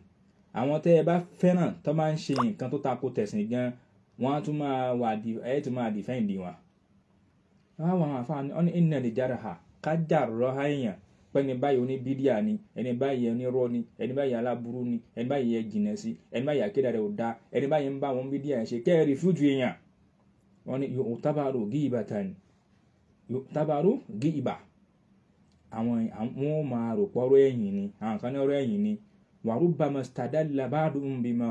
àwọn tẹ́ ẹ bá fẹ́ràn tó máa ń ṣe nǹkan tó tako tẹ̀sìn gan wọ́n á tún máa wà ẹ̀ tún máa dìfẹ́ǹdì wọn àwọn àfààní ọ̀nà ìnà lè jára ha ká dàrọ̀ ha èèyàn pẹ́ni báyìí oní bídíà ni ẹni báyìí ẹni rọ́ ni ẹni báyìí aláburú ni ẹni báyìí ẹ jìnà sí ẹni báyìí akéda rẹ̀ ò da ẹni báyìí ń bá wọn bídíà ṣe kẹ́ẹ̀rì fújú èèyàn wọn ni yòó tábàrò gí ìbà tán yòó tábàrò gí ìbà àwọn àwọn máa rò pọ́rọ́ ẹ̀yìn ni àwọn kan ní ọ̀rọ̀ ẹ̀yìn ni wàrúbàmọ̀ stadalla ba'dhum bima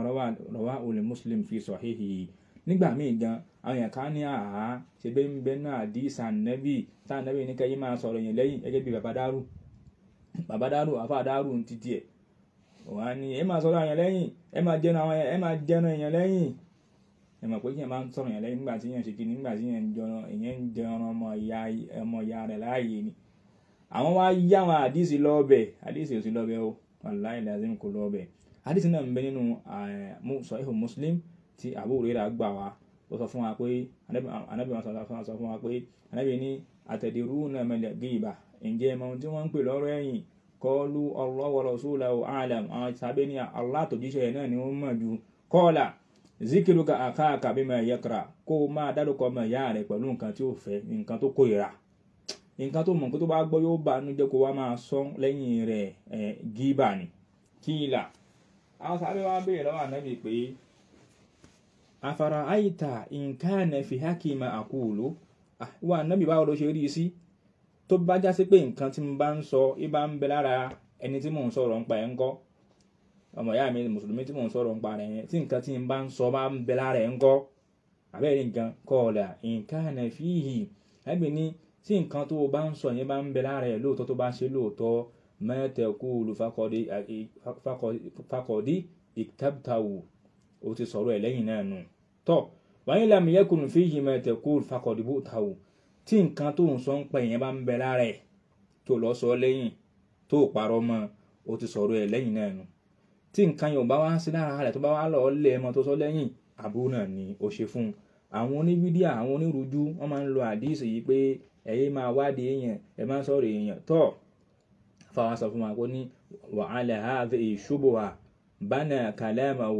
rawa olè muslim fi sahihi nígbà míì gan àwọn èèyàn kan ní àhá ṣe bẹ́ẹ̀ ń bẹ́ náà àdìsá nẹ́bì tá nẹ́bì ní kẹ́yìn máa sọ̀rọ̀ yẹn lẹ́yìn gẹ́gẹ́ bí bàbá dárù bàbá dárù àfa dárù ń titi ẹ̀ wọ́n á ní ẹ máa sọ̀rọ̀ yẹn lẹ́yìn ẹ máa jẹnu àwọn ẹ máa jẹnu yẹn lẹ́yìn ẹ mọ̀ pé kí yẹn máa ń sọ̀rọ̀ yẹn lẹ́yìn nígbà tí yẹn ṣe kí nígbà tí yẹn ń jẹun ọmọ ìyá rẹ̀ láàyè ni àwọn wá yá àwọn àdìsí eh, Muslim tí Abu Huraira gbà wá ó sọ fún wa pé anábì wọn sọ fún wa pé anábì ní atadiruna mal ghiba ǹjẹ́ ẹ tí wọ́n ń pè lọ́rọ̀ ẹ̀yìn kọlu Allah wa rasulahu a'lam àwọn sábẹ́ ní náà ni wọ́n mọ̀ ju kọ́ọ̀là zikiruka akhaka bima yakra kó o máa dárúkọ ọmọ ya rẹ pẹ̀lú nǹkan tí ó fẹ́ nǹkan tó nǹkan tó mọ̀ tó bá gbọ́ yóò bá nu jẹ́ kó máa sọ lẹ́yìn rẹ̀ gíbà ni kíìlà àwọn sábẹ́ wa lọ́wọ́ ànábì pé afara aita nǹkan nàfi hákìmá ah, àkúlò wà nábì báwo ló ṣe rí i sí tó bá já sí pé nǹkan tí mo bá ń sọ ibà ń bẹ lára ẹni tí mò ń sọ̀rọ̀ nípa ẹ̀ ń kọ́ ọmọ ìyá mi mùsùlùmí tí mò ń sọ̀rọ̀ nípa rẹ̀ yẹn tí nǹkan tí n bá ń sọ bá ń bẹ lára ẹ̀ ń kọ́ àbẹ́rẹ́ nǹkan kọ́ọ̀là nǹkan nàfíhì ẹ̀gbìn ni tí nǹkan tó o bá ń sọ yẹn bá ń bẹ lára ẹ̀ lóòótọ́ tó bá ṣe lóòótọ́ mẹ́tẹ̀kú olùfakọ̀dé ó ti sọ̀rọ̀ ẹ̀ lẹ́yìn náà nù tọ́ wáyé làmì yẹ́kùn fi yìí mẹ́tẹ̀ kú fakọ̀dìbò tàwù tí nǹkan tó ń sọ ń pa èèyàn bá ń bẹ lára ẹ̀ tó lọ sọ lẹ́yìn tó parọ́ mọ́ ó ti sọ̀rọ̀ ẹ̀ lẹ́yìn náà nù tí nǹkan yóò bá wá sí lára rẹ̀ tó bá wá lọ́ọ́ lé ẹmọ tó sọ lẹ́yìn àbú náà ni ó ṣe fún un àwọn oníbídíà àwọn onírújú wọ́n máa ń lo àdíìsì yìí pé ẹ̀yin máa wádìí èèyàn ẹ̀ máa ń sọ̀rọ̀ èèyàn tọ́ fáwọn sọ fún wa kó ní wàhálà ha ṣubú wa bánà kàlẹ́ máa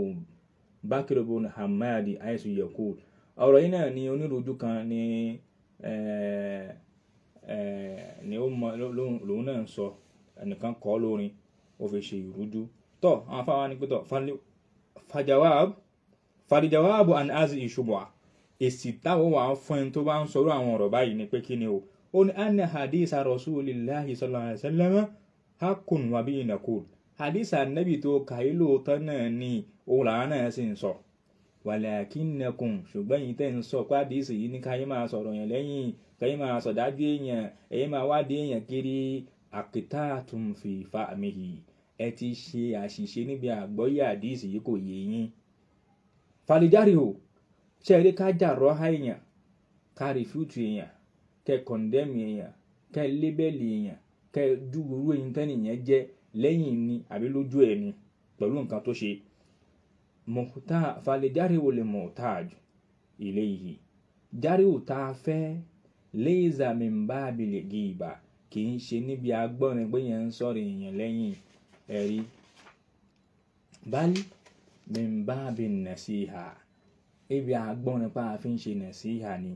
bakir ibn hamadi aisu yakul ọ̀rọ̀ yìí náà ni onírúurú kan ni eh, eh, ni ó mọ lòun náà ń sọ ẹnìkan kọ́ lórin ó fi ṣe ìrújú tọ́ àwọn afáwa ni pé tọ́ fàjàwáàbù fàdìjàwáàbù and as ìṣubọ̀à èsì táwọn wà fún ẹni tó bá ń sọ̀rọ̀ àwọn ọ̀rọ̀ báyìí ni pé kí ni o ó ní anna hadith rasulillahi sallallahu alaihi wasallam hakun wa bihi naqul hadith anabi tó kàí lóòótọ́ náà ni òun làwọn náà sì nsọ sọ wàlàkínàkùn ṣùgbọ́n yìí tẹ́ ń sọ pàdísì yìí ní káyé máa sọ̀rọ̀ yẹn lẹ́yìn káyé máa sọ̀dájú èèyàn máa èèyàn kiri àkìtàtùn fìfà mihì ẹ ti ṣe àṣìṣe níbi àgbọ́yé àdísì yìí kò yé yín. o ṣe eré ká ha èèyàn ká rìfútù èèyàn kẹ kọ̀ndẹ́mù èèyàn kẹ lébẹ́lì èèyàn kẹ dúró jẹ́ lẹ́yìn ni àbí lójú pẹ̀lú nǹkan tó mọ̀kútà fàlẹ́járíwò lè mọ̀táàjù ilé yìí járíwò tá a fẹ́ léèzà mi ń bá abilẹ̀ gíba kì í ṣe níbi agbọ́nrin pé yẹn ń sọ̀rọ̀ èèyàn lẹ́yìn ẹ̀rí bali mi ń bá abin nasiha ibi agbọ́nrin pa àfi ń ṣe nasiha ni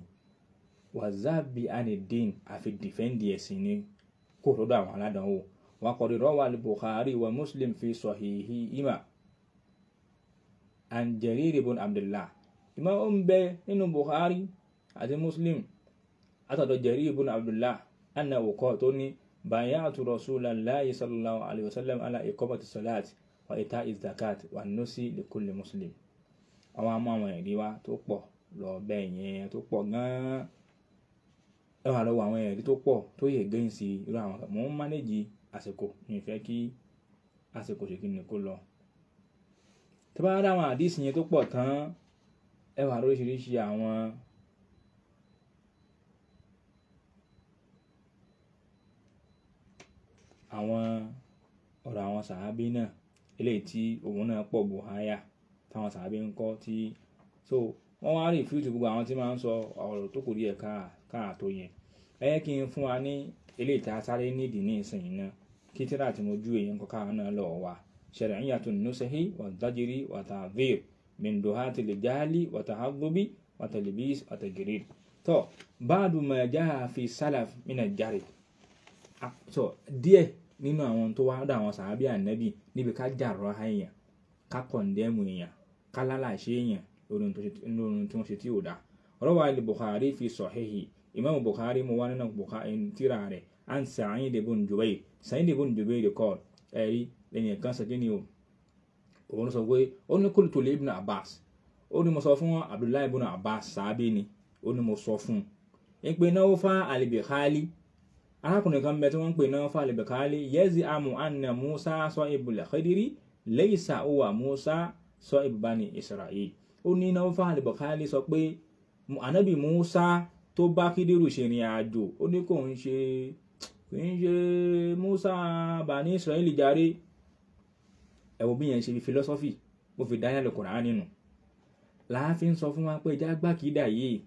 wàzábì anidin àfi dìfẹ́ǹdì ẹ̀sìn ni kó lọ́dọ̀ àwọn aládàáwò wàkọ̀rọ̀ rọ́wà Bukhari wa Muslim fi sọ̀hìhì ìmà an Jarir ibn Abdullah ìmọ̀ ó ń bẹ nínú Bukhari àti Muslim àtọ̀dọ̀ Jarir ibn Abdullah anna òkọ tó ní bayatu Rasulallahi sallallahu alayhi wa sallam ala iqamati salat wa ita izakat wa nusi li kulli muslim àwọn amọ̀ àwọn ẹ̀rí wa tó pọ̀ lọ bẹ́ẹ̀ yẹn tó pọ̀ gan-an ẹ wà lọ́wọ́ àwọn ẹ̀rí tó pọ̀ tó yẹ gẹ́yìn sí irú àwọn kan mò ń mánéjì àsìkò mi fẹ́ kí àsìkò ṣèkí tó bá rá àwọn àdìsí yẹn tó pọ̀ tán ẹ wà lóríṣiríṣi àwọn àwọn ọ̀rọ̀ àwọn sàábí náà eléyìí tí òun náà pọ̀ buhaya táwọn sàábí ń kọ́ tí so wọ́n wá rí ìfúrútù gbogbo àwọn tí máa ń sọ ọ̀rọ̀ tó kù díẹ̀ káàtó yẹn ẹ yẹ kí n fún wa ní eléyìí tá a sáré nídìí ní ìsìn yìí náà kí tíra tí mo ju èèyàn kọ káwọn náà lọ wà شرعية النصح والضجر وتعذير من دهاة الجهل وتعذب وتلبيس وتجريد tó báàdù ma jaha fi salaf mina jari tó díẹ̀ nínú àwọn tó wá dá àwọn sàábì ànábì níbi ká jàrọ èèyàn ká kọ̀ndẹ́mù èèyàn ká lálàṣẹ èèyàn lórí ohun tí wọ́n ṣe tí ò dá rawa al-Bukhari fi sahihi imam Bukhari mo wá nínú Bukhari tíra rẹ̀ an Sa'id ibn Jubayr Sa'id ibn Jubayr qala ẹ̀rí lẹ́yìn kan ṣe kíni o òun sọ pé ó ní kúlù tó lè ibùnà Abbas ó ní mo sọ fún Abdullahi ibùnà Abbas sàábé ni ó ní mo sọ fún un pé náwó fa alìbìkálí arákùnrin kan bẹ tí wọ́n ń pè náwó fa alìbìkálí yẹ́zi amu anna Musa sọ ibùlẹ̀ xidiri lẹ́yìísà òwà Musa sọ ibùbani Israel ó ní náwó fa alìbìkálí sọ pé anabi Musa tó bá kídírù ṣe ìrìn àjò ó ní kò ń ṣe kò ń ṣe Musa bani Israel járe ẹ̀wọ̀n bí yẹn ṣe fi philosophy ó fi daniel kùrán nínú láàfin ń sọ fún wa pé ìjà gbà kìdá yìí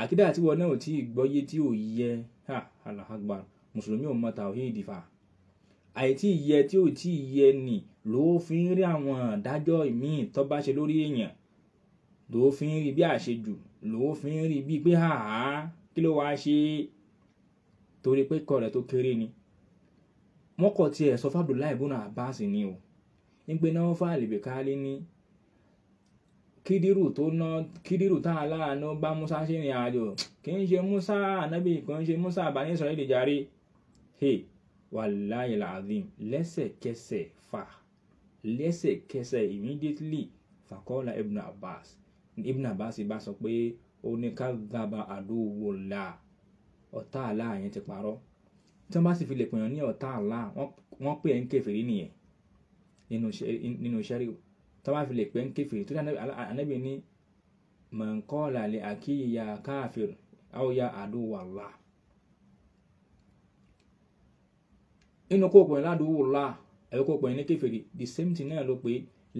àkìdá tí wọn náà ò tí ì gbọ́yé tí ò yẹ ha alahagba mùsùlùmí ò mọ tàwíìdì fà àìtí yẹ tí ò tí ì yẹ nì ló fi ń rí àwọn àdájọ́ míì tó bá ṣe lórí èèyàn ló fi ń rí bí àṣejù ló fi ń rí bíi pé hàá kí ló wáá ṣe torí pé kọ rẹ tó kéré ni wọn kọ tiẹ̀ sọ fábùlá ìbùnà àbáàsì ni o nígbẹ́ náà fàlì bìkálí ní kídírù tó ná kídírù tá a láàánú bá musa ṣe ìrìn àjò kì í ṣe musa ànábì kì í ṣe musa àbáni sọ̀rọ̀ èdè jàre he wàláyé làzim lẹ́sẹ̀kẹsẹ̀ fà lẹ́sẹ̀kẹsẹ̀ immediately fàkọ́lá ibn abbas ibn abbas bá sọ pé oníkàgbàbà àdúgbò la ọ̀tá àlá yẹn ti parọ́ tí wọ́n bá sì fi lè pèèyàn ní ọ̀tá àlá wọ́n pè é ń kèfèrí nìyẹn nínú sẹ́rí tó bá fi lè pẹ́ ń kéfì tó dáná anábì ní mọ̀nkọ́lá lè àkíyè ya káàfìr aw ya àdúwàlá inú kó pẹ̀lú àdúwàlá ẹ̀rọ kó pẹ̀lú ní kéfì the same thing náà ló pé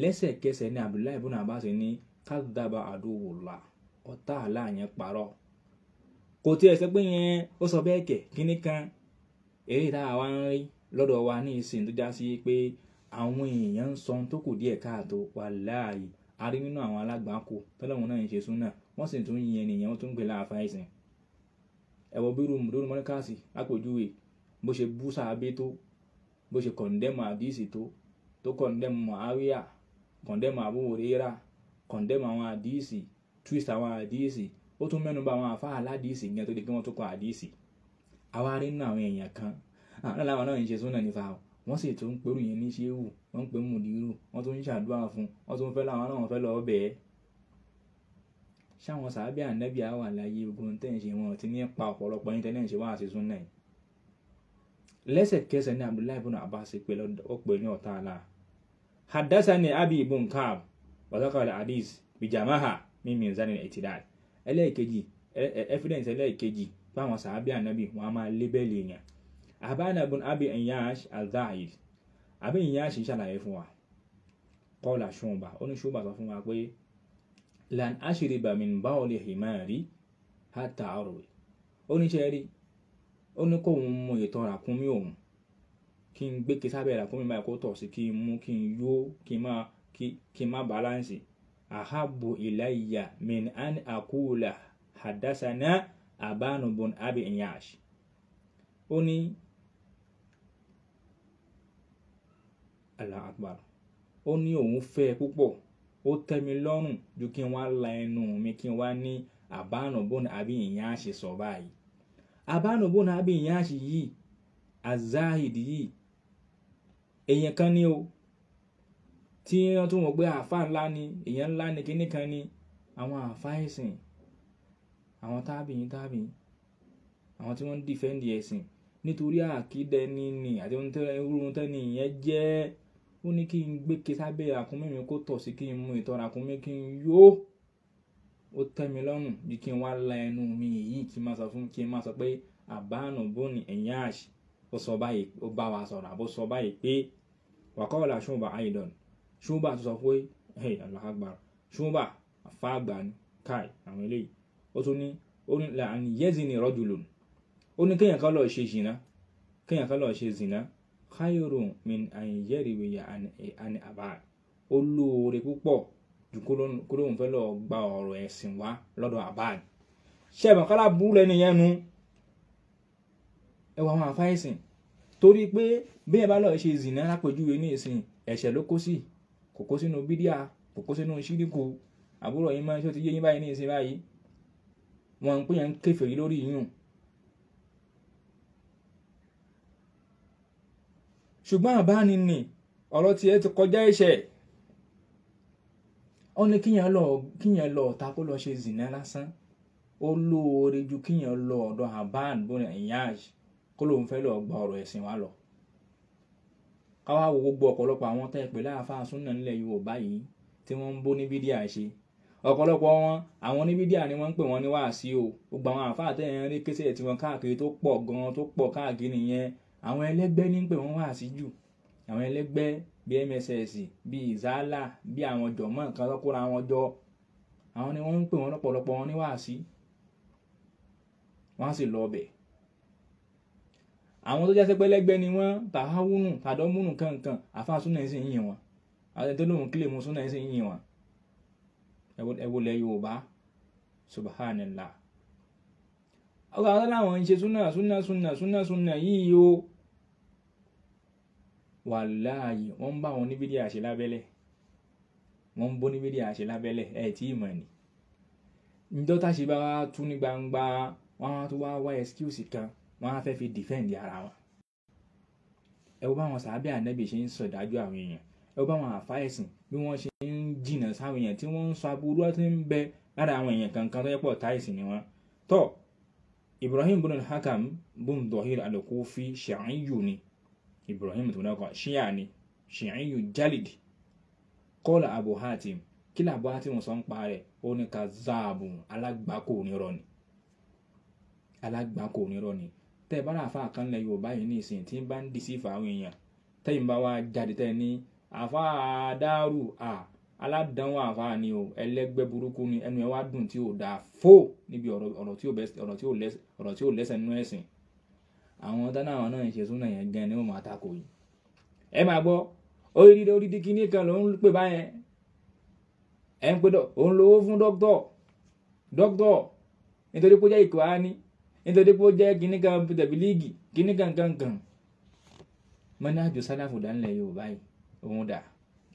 lẹ́sẹ̀kẹsẹ̀ ní Abdullahi ibn Abbas ní kádàbà àdúwàlá ọ̀tá àláàyàn parọ́ kò tí ẹ sọ pé yẹn ó sọ bẹ́ẹ̀ kẹ̀ kíní kan èyí tá a wá ń rí lọ́dọ̀ wa ní ìsìn tó já sí pé àwọn èèyàn ń sọ ohun tó kù díẹ̀ káàtó wà láàyè arí nínú àwọn alágbàákò tọ́lọ́wọ́n náà ń ṣe súnà wọ́n sì tún yin ènìyàn wọ́n tún ń pè láàfáà ìsìn ẹ̀wọ̀ bírú mùdúró mọ́ríkàsì lápòjúwe bó ṣe bú sàábé tó bó ṣe kọ̀ǹdẹ́mù àdìsí tó tó kọ̀ǹdẹ́mù mọ̀háríà kọ̀ǹdẹ́mù àbúwòrérà kọ̀ǹdẹ́mù àwọn àdìsí twist àwọn àdìsí ó tún mẹ́nu bà àwọn àfáà aládìsí yẹn tó di pé wọ́n tún kọ àdìsí àwa rí nínú àwọn èèyàn kan àwọn aláwọ̀ náà ń ṣe súnà nífa o wọ́n sì tún ń perú yẹn ní ṣéwù wọ́n ń pè é mùdírù wọ́n tún ń ṣàdúrà fún wọ́n tún fẹ́ láwọn náà fẹ́ lọ́ọ́ bẹ̀ẹ́ ṣáwọn sàábì ànábì á wà láyé gbogbo ohun tẹ́ ṣe wọn ti ní pa ọ̀pọ̀lọpọ̀ yín tẹ́lẹ̀ ṣe wá àti sún náà lẹ́sẹ̀kẹsẹ̀ ní abdullahi ibùnà abbas pé ó pè ní ọ̀tá àlà hadasani abi ibn kaab wàtàkàlà hadith bijamaha mímì ẹlẹ́ẹ̀kejì e, e, ẹlẹ́ẹ̀kejì báwọn sàábì ànábì wọn a máa lébẹ́lì èèyàn abana bin abi iyash al-zahid abi iyash ṣàlàyé fún wa qala ṣùnbà ó ní ṣùnbà sọ fún wa pé lan ashriba min bawli himari hatta arwi ó ní ṣe rí ó ní kóun mú ìtọ̀ ràkúnmí òun kí n gbé kesábẹ́ ràkúnmí báyìí kó tọ̀ sí kí n mú kí n yó kí n má kí n má ahabu ilayya min an akula hadasana abanu bin abi iyash ó ní Allahu Akbar ó ní òun fẹ́ ẹ púpọ̀ ó tẹ́ mi lọ́rùn ju kí n wá la ẹnu mi kí n wá ní àbánubóni àbí ìyẹn àṣẹ sọ báyìí àbánubóni àbí ìyẹn àṣẹ yìí azahid yìí èèyàn kan ní o tí wọ́n tún wọ́n pé àáfà ńlá ni èèyàn ńlá ni kíní kan ni àwọn àáfà ẹ̀sìn àwọn tábìyìn tábìyìn àwọn tí wọ́n ń dìfẹ́ǹdì ẹ̀sìn nítorí àkídẹ́ni ni àti ohun tẹ́ni ìyẹn jẹ́ ó ní kí n gbé ke sábẹ́ ràkúnmí mi kó tọ̀ sí kí n mú ìtọ̀ ràkúnmí kí n yó ó tẹ́ mi lọ́rùn ju kí n wá la ẹnu mi yìí kí n máa sọ fún kí n máa sọ pé àbáànù bóni ẹ̀yìn àṣì ó sọ báyìí ó bá wa sọ̀rọ̀ àbó sọ báyìí pé wàkọ́ọ̀lá ṣùgbọ́n àìdọ̀n ṣùgbọ́n àti sọ pé hey Allahu Akbar ṣùgbọ́n àfa àgbà ni káì àwọn eléyìí ó tún ní ó ní làánì yẹ́zìnì rọ́jùlùn ó ní kéèyàn kan lọ́ọ́ ṣe zìnà kéèyàn kan lọ́ọ́ ṣe zìnà khayrun min an yarwiya an aba ó lóore púpọ̀ ju kó lóun fẹ́ lọ́ọ́ gba ọ̀rọ̀ ẹ̀sìn wá lọ́dọ̀ aba ṣe é mọ̀kálá burú lẹ́nu yẹn nu ẹwà àwọn àfáìsìn torí pé bí ẹ bá lọ́ọ́ ṣe zìnà lápèjúwe ní ìsìn ẹ̀ṣẹ̀ ló kó sí kò kó sínú bídíà kò kó sínú ṣíríkù àbúrò yín máa ń ti yé yín báyìí ní ìsìn báyìí wọn ń pè yẹn ń ṣùgbọ́n àbáni ni ọ̀rọ̀ tiẹ̀ ti kọjá ẹ̀ṣẹ̀ ó ní kíyàn lọ kíyàn lọ ọ̀tá kó lọ ṣe zìnà lásán ó lóore ju kíyàn lọ ọ̀dọ̀ haban bóni ìyáàj kó lóun fẹ́ lọ gba ọ̀rọ̀ ẹ̀sìn wa lọ. káwá wo gbogbo ọ̀pọ̀lọpọ̀ àwọn tẹ́ ẹ pè láàfáà súnà nílẹ̀ Yorùbá yìí tí wọ́n ń bó ní bídíà ṣe ọ̀pọ̀lọpọ̀ wọn àwọn oníbídíà ni wọ́n ń pè wọ́n ní wáàsí o gbogbo àwọn àǹfààní tẹ̀yìn rí kéṣẹ́ tí wọ́n káàkiri tó pọ̀ gan-an tó pọ̀ káàkiri yẹn àwọn ẹlẹ́gbẹ́ ní pé wọ́n wà síjù àwọn ẹlẹ́gbẹ́ bíi mss bíi zala bíi àwọn jọ̀mọ́ nǹkan lọ́kùnrin àwọn jọ àwọn ni wọ́n ń pè wọ́n lọ́pọ̀lọpọ̀ wọn ní wàásí wọ́n á sì lọ ọbẹ̀ àwọn tó jásẹ́ pẹ́lẹ́gbẹ́ ni wọ́n tàháwùnù tàdọ́mùnù kankan àfáà súnà ẹ̀sìn yìnyín wọn àwọn tó lóun kílè mu súnà ẹ̀sìn yìnyín wọn ẹwọ Yorùbá subhanallah ọgbà wọn láwọn ń ṣe súnà súnà súnà súnà súnà yìí yóò wàláàyè wọ́n ń bá wọn ní bídíà ṣe lábẹ́lẹ̀ wọ́n ń bó ní bídíà ṣe lábẹ́lẹ̀ ẹ̀ tí ì mọ̀ ni. njọ́ tá a ṣe bá wa tú ní gbangba wọ́n á tún wá wá excuse kan wọ́n á fẹ́ fi defend ara wọn. ẹ wo báwọn sàábẹ́ ànẹ́bì ṣe ń sọ̀dájú àwọn èèyàn ẹ wo báwọn àfa ẹ̀sìn bí wọ́n ṣe ń jìnnà sáwọn èèyàn tí wọ́n ń sọ aburú ọtí ń bẹ lára àwọn èèyàn kankan tó yẹ pọ̀ táìsì ni wọ́n. tọ́ Ibrahim bin Hakam bin Dohir al-Kufi ṣàǹyù ni ibrahim tó náà kọ ṣíyà ni ṣìyànyù jálìd kọ́lá abu hatim kí ni abu hatim sọ ń pa rẹ̀ ó ní ka zaabu alágbàkó onírọ́ ni alágbàkó onírọ́ ni tẹ́ ẹ bá rà fáà kan lẹ yorùbá yìí ní ìsìn tí ń bá ń dì sí ìfàwọn èèyàn tẹ́yìn bá wá jáde tẹ́ ní àfa àdáàrú à aládánwò àfa ni o ẹlẹ́gbẹ́ burúkú ni ẹnu ẹ wá dùn tí ò dáa fó níbi ọ̀rọ̀ tí ò lẹ́sẹ̀ nínú ẹ̀sìn àwọn tánà àwọn náà ń ṣe súnà yẹn gan ni wọ́n máa takò yìí ẹ máa gbọ́ orídìí orídìí kíní kan ló ń pè báyẹn ẹ ń pè dọ òun lówó fún dókítọ dókítọ nítorí pé ó jẹ́ ìkọ áání nítorí pé ó jẹ́ kíní kan tẹbí líìgì kíní kan kan kan mọ́ni àjò sálàfù dánilẹ̀ yorùbá yìí òun dà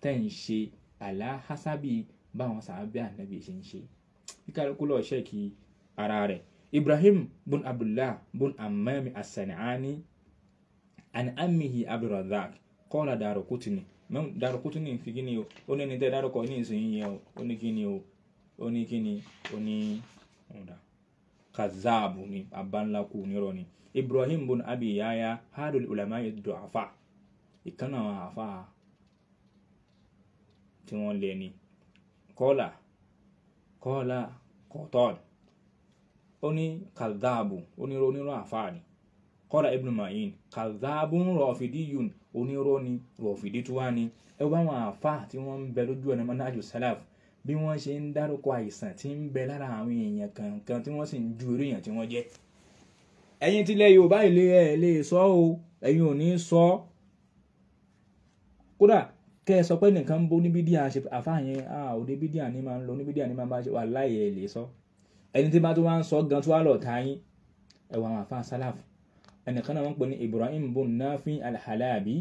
tẹ́ ń ṣe àlàáhásábì báwọn sàábẹ́ ànábì ṣe ń ṣe kíkálukú lọ́ọ́ ṣẹ́ẹ̀kì ara rẹ̀ Ibrahim bin Abdullah bin Ammami As-San'ani an ammihi Abdurrazzaq qala Daraqutni mẹ́m Daraqutni fi kí ni o ó ní ẹni tẹ́ dárúkọ ní ìsìn yẹn o ó ní kí ni o ó ní kí ni ó ní ọ̀dà kazaabu ni abanlaku nírọ̀ ni Ibrahim bin Abi Yahya hadul ulama duafa ìkànnà àwọn àfa tí wọ́n lé ni qala qala Qatan ó ní kaldabu onírọ́ onírọ́ àfáà ni kọ́ra ibn ma'in kaldabu rọ̀fìdíyùn onírọ́ ni rọ̀fìdí tó wá ni ẹ wá àwọn àfáà tí wọ́n ń bẹ lójú ọ̀nà manhaju salaf bí wọ́n ṣe ń dárúkọ àìsàn tí ń bẹ lára àwọn èèyàn kankan tí wọ́n sì ń ju eré èèyàn tí wọ́n jẹ́ ẹ̀yin tilẹ̀ yorùbá ilé ẹ̀ lè sọ o ẹ̀yin ò ní sọ kódà kẹ́ ẹ sọ pé nìkan ń bó ní bídíà àfáà yẹn àwọn òde bídíà ni máa ń lọ ní bídíà ni máa ń bá ṣe wà láì ẹ̀ lè sọ. So ẹni tí bá tó wá ń sọ gan tó wá lọ ta yín ẹwà àwọn àfa sálàfù ẹnìkan náà wọ́n pè ní Ibrahim bun Nafi al-Halabi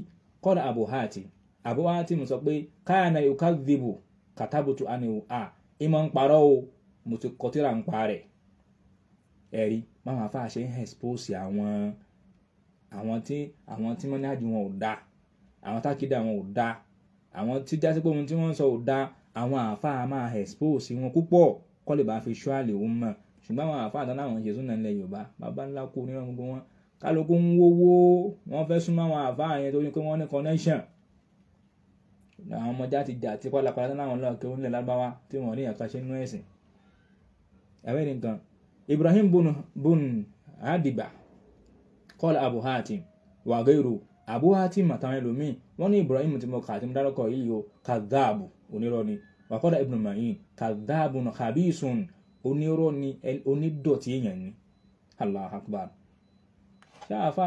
qala Abu Hatim Abu Hatim sọ pé kana yukadhibu katabutu aniwu a ìmọ̀ ń parọ́ o mo ti kọtíra ń pa rẹ̀ ẹ̀rí báwọn àfa ṣe ń expose àwọn àwọn tí àwọn tí wọ́n ní àjò wọn ò da àwọn tákìdá wọn ò da àwọn tí jásí pé ohun tí wọ́n sọ ò da àwọn àfa máa expose wọn púpọ̀ kọ́lé bá fi ṣọ́ àlè òun mọ̀ ṣùgbọ́n àwọn àfa àtàn láwọn ṣe súnà ilẹ̀ yorùbá bàbá ńlá kú nínú gbogbo wọn kálukú ń wówó wọn fẹ́ súnmọ́ àwọn àfa yẹn torí pé wọ́n ní connection àwọn ọmọdé àti jà àti pálapàla tán láwọn lọ́ọ̀kẹ́ onílẹ̀ lágbáwá tí wọ́n ní ẹ̀ka ṣe nínú ẹ̀sìn ẹ̀wẹ́ nìkan Ibrahim bun adiba kọ́lá Abu Hatim wàgẹ́rù Abu Hatim àtàwọn ẹlòmíì ní Ibrahim tí mo kà àti mo dárúkọ yìí o kazaabu onírọ́ ni wàkọ́dà ibn ma'in kadhabun khabisun onírọ́ ni onídọ̀tí èèyàn ni allah akbar ṣáàfà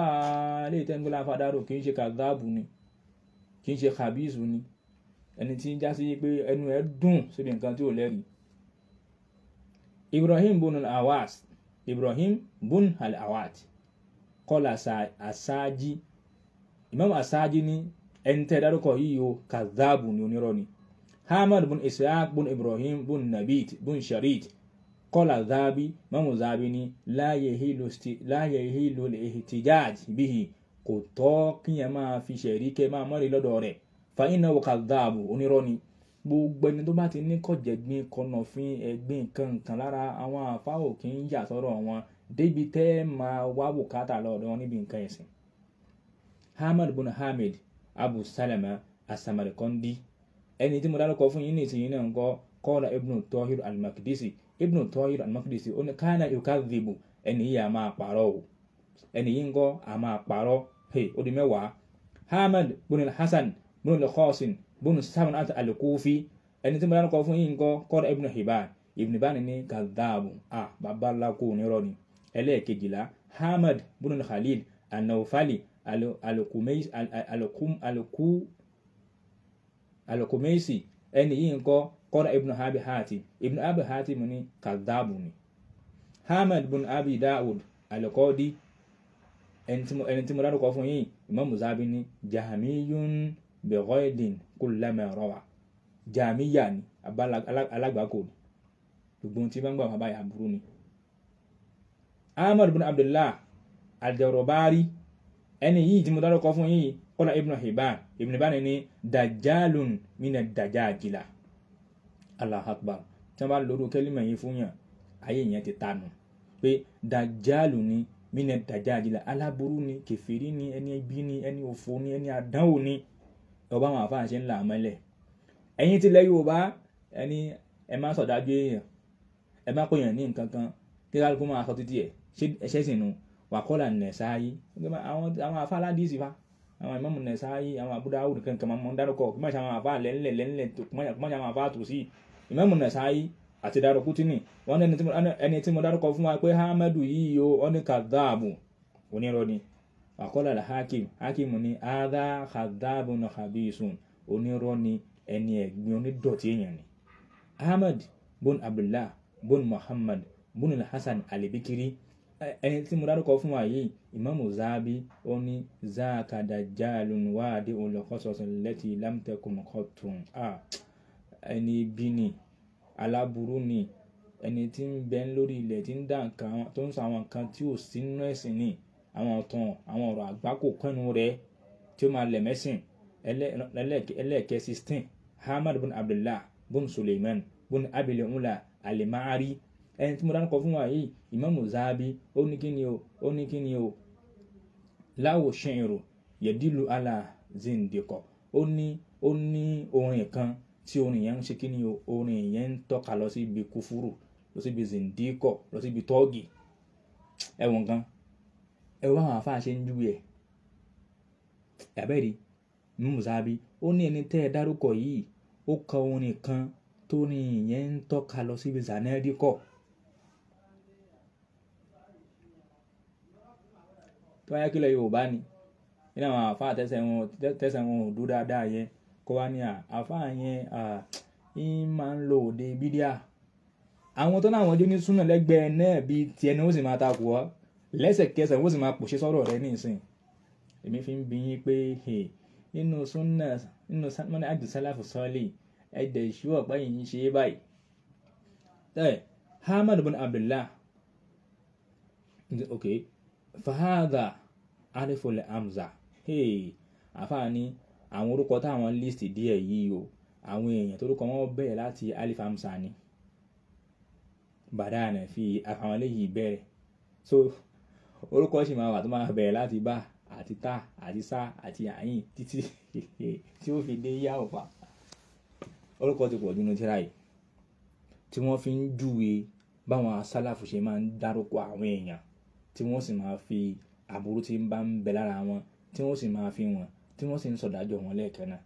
lè tẹ́nu gbọ́dọ̀ afa dárò kì í ṣe kadhabu ni kì í ṣe khabisu ni ẹni tí ń já sí pé ẹnu ẹ dùn síbi nǹkan tí ò lẹ́rìí ibrahim bun al-awas ibrahim bun al-awat kọ́lá asáájí imam asáájí ni ẹni tẹ́ dárúkọ yìí o kadhabu ni onírọ́ ni hamad bun ishaq bun ibrahim bun nabit bun sharit kọ́lá zabi mamu zabi ni la yahilu ihtijaj bihi kò tọ́ kíyàn máa fi ṣẹ̀rí kẹ́ máa mọ́rí lọ́dọ̀ rẹ̀ fa innahu kadhabu onírọ́ ni gbogbo ẹni tó bá ti ní kọ̀jẹ̀gbin kọ̀nàfin ẹ̀gbin kankan lára àwọn àfa ò kì í yà sọ́rọ̀ wọn débi tẹ́ máa wá bùkátà lọ́dọ̀ wọn níbi nǹkan ẹ̀sìn. hamad bin hamid abu salama asamarikandi ẹni tí mo dárúkọ fún yín nìsín náà ń kọ́ kọ́ọ̀lá ibnu tohir al-makdisi ibnu tohir al-makdisi ó ní kánà yukadhibu ẹni yìí a máa parọ́ o ẹni yìí ń kọ́ a máa parọ́ he ó di mẹ́wàá hamad bunu hasan bunu lukhosin bunu samun ati al-kufi ẹni tí mo dárúkọ fún yín ń kọ́ kọ́ọ̀lá ibnu hibban ibnu hibban ní kadhabu a bàbá ńlá kó o nírọ́ ni ẹlẹ́ẹ̀kejìlá hamad bunu khalil anawfali alukumeis alukum alukum alukumaisi ẹni yìí ń kọ́ kọ́ra ibnu abi hati ibnu abi hati mu ni kazabu ni hamad bin abi daud alikọ́di ẹni tí mo dárúkọ fún yìí imamu zabi ni jahamiyun bẹ̀rọ̀dìn kúlẹ̀mẹ̀rọ̀wà jahamiya ni alágbàkó ni gbogbo tí wọ́n gbà wọn báyà burú ni. ahmad bin abdullah aljawrobari ẹni yìí tí mo dárúkọ fún yìí kọ́lá ibn hibban ibn hibban ni dajalun mina dajajila allah akbar tí wọ́n bá lórí kẹ́límà yìí fún yàn ayé yẹn ti tanu pé dajalu ni mina dajajila aláburú ni kẹfìrí ni ẹni ẹbí ni ẹni òfò ni ẹni àdánwò ni ọba àwọn àfáà ṣe ń là mọ́lẹ̀ ẹ̀yin tilẹ̀ yorùbá ẹni ẹ má sọ̀dájú èèyàn ẹ má pèèyàn ní nǹkan kan kí kálukú máa sọ títí ẹ̀ ṣe ẹ̀ṣẹ̀ sínú wàkọ́là nẹ̀sáyé àwọn àfáà aládìsí fa àwọn Imamu Nasa'i àwọn Abu Dawud kankan máa ń dárúkọ kí máa ṣe àwọn àfa lẹ́ńlẹ̀ lẹ́ńlẹ̀ kí máa ṣe àwọn àfa tòsí Imamu Nasa'i àti dárúkú tì ní wọn ní ẹni tí mo dárúkọ fún wa pé Ahmadu yìí o ọ ní kadhaabu onírọ́ ni la hakim hakim ni ada kadhaabu na khabisun onírọ́ ni ẹni ẹ̀gbin onídọ̀tí èèyàn ni Ahmad bon Abdullah bon Muhammad bon Hasan alibikiri ẹni tí mo dárúkọ fún wa yìí ìmáàmù zahabi ó ní zaakada jaalun wáàdí olùkọ́sọ̀sọ̀ lẹ́tì lámtẹ̀kùn kọ́tùn ẹni bí ni aláburú ni ẹni tí ń bẹ lórí ilẹ̀ tí ń dá nǹkan tó ń sọ àwọn nǹkan tí ò sí nínú ẹ̀sìn ni àwọn ọ̀tàn àwọn ọ̀rọ̀ àgbákò kẹ́nu rẹ̀ tí ó máa lẹ̀ mẹ́sìn ẹlẹ́ẹ̀kẹ́ sixteen hamad bin abdullah bin suleiman bin abiléhùnlá alimaari ẹni tí mo dárúkọ fún wa yìí ìmáàmù Zahabi ó ní kíni o ó ní kíni o láwo ṣẹ̀rù yẹ̀dílù àlà zindikọ̀ ó ní ó ní orin kan tí orin yẹn ń ṣe kíni o orin yẹn ń tọ́ka lọ síbi kúfúrú lọ síbi zindikọ̀ lọ síbi tọ́ọ̀gì ẹ̀wọ̀n kan ẹ̀wọ̀n àwọn afáà ṣe ń júwe ẹ̀ ẹ̀bẹ́ẹ̀dì ìmáàmù Zahabi ó ní ẹni tẹ́ ẹ dárúkọ yìí ó kọ orin kan tó ní ìyẹn ń tọ́ka lọ síbi zanẹ́díkọ̀ tó wáyé kílọ̀ yorùbá ni nínú àwọn àfáà tẹ́sẹ̀ wọn tẹ́sẹ̀ wọn ò dúró dáadáa yẹn kó wá ní à àfáà yẹn à ń máa ń lo òde bídíà àwọn tó náà wọn jó ní súnà lẹ́gbẹ̀ẹ́ náà bíi tiẹ̀ ni wọ́n sì máa takò ọ́ lẹ́sẹ̀kẹsẹ̀ wọ́n sì máa pòṣe sọ́rọ̀ rẹ nísìn èmi fi ń bi yín pé nínú súnà nínú mọ́ni àdìsálàfù sọ́ọ̀lì ẹ̀dẹ̀ ìṣú ọ̀pá yìí ń ṣe é báyìí. Hamad okay fahada arifole hamza hey afaani àwọn orúkọ táwọn list díẹ̀ yìí o àwọn èèyàn torúkọ wọn bẹ̀rẹ̀ láti alif hamza ni bàdá àná fi àfàwọn eléyìí bẹ̀rẹ̀ so orúkọ sì máa wà tó máa bẹ̀rẹ̀ láti bá àti tá àti sá àti àyìn títí *laughs* tí ó fi dé yá ọ̀fà orúkọ ti pọ̀ dúnú tíra yìí tí wọ́n fi ń júwe báwọn asálàfù ṣe máa ń dárúkọ àwọn èèyàn tí wọ́n sì máa fi aburú tí ń bá ń bẹ lára wọn tí wọ́n sì máa fi wọn tí wọ́n sì ń sọ̀dájọ́ wọn lẹ́ẹ̀kan náà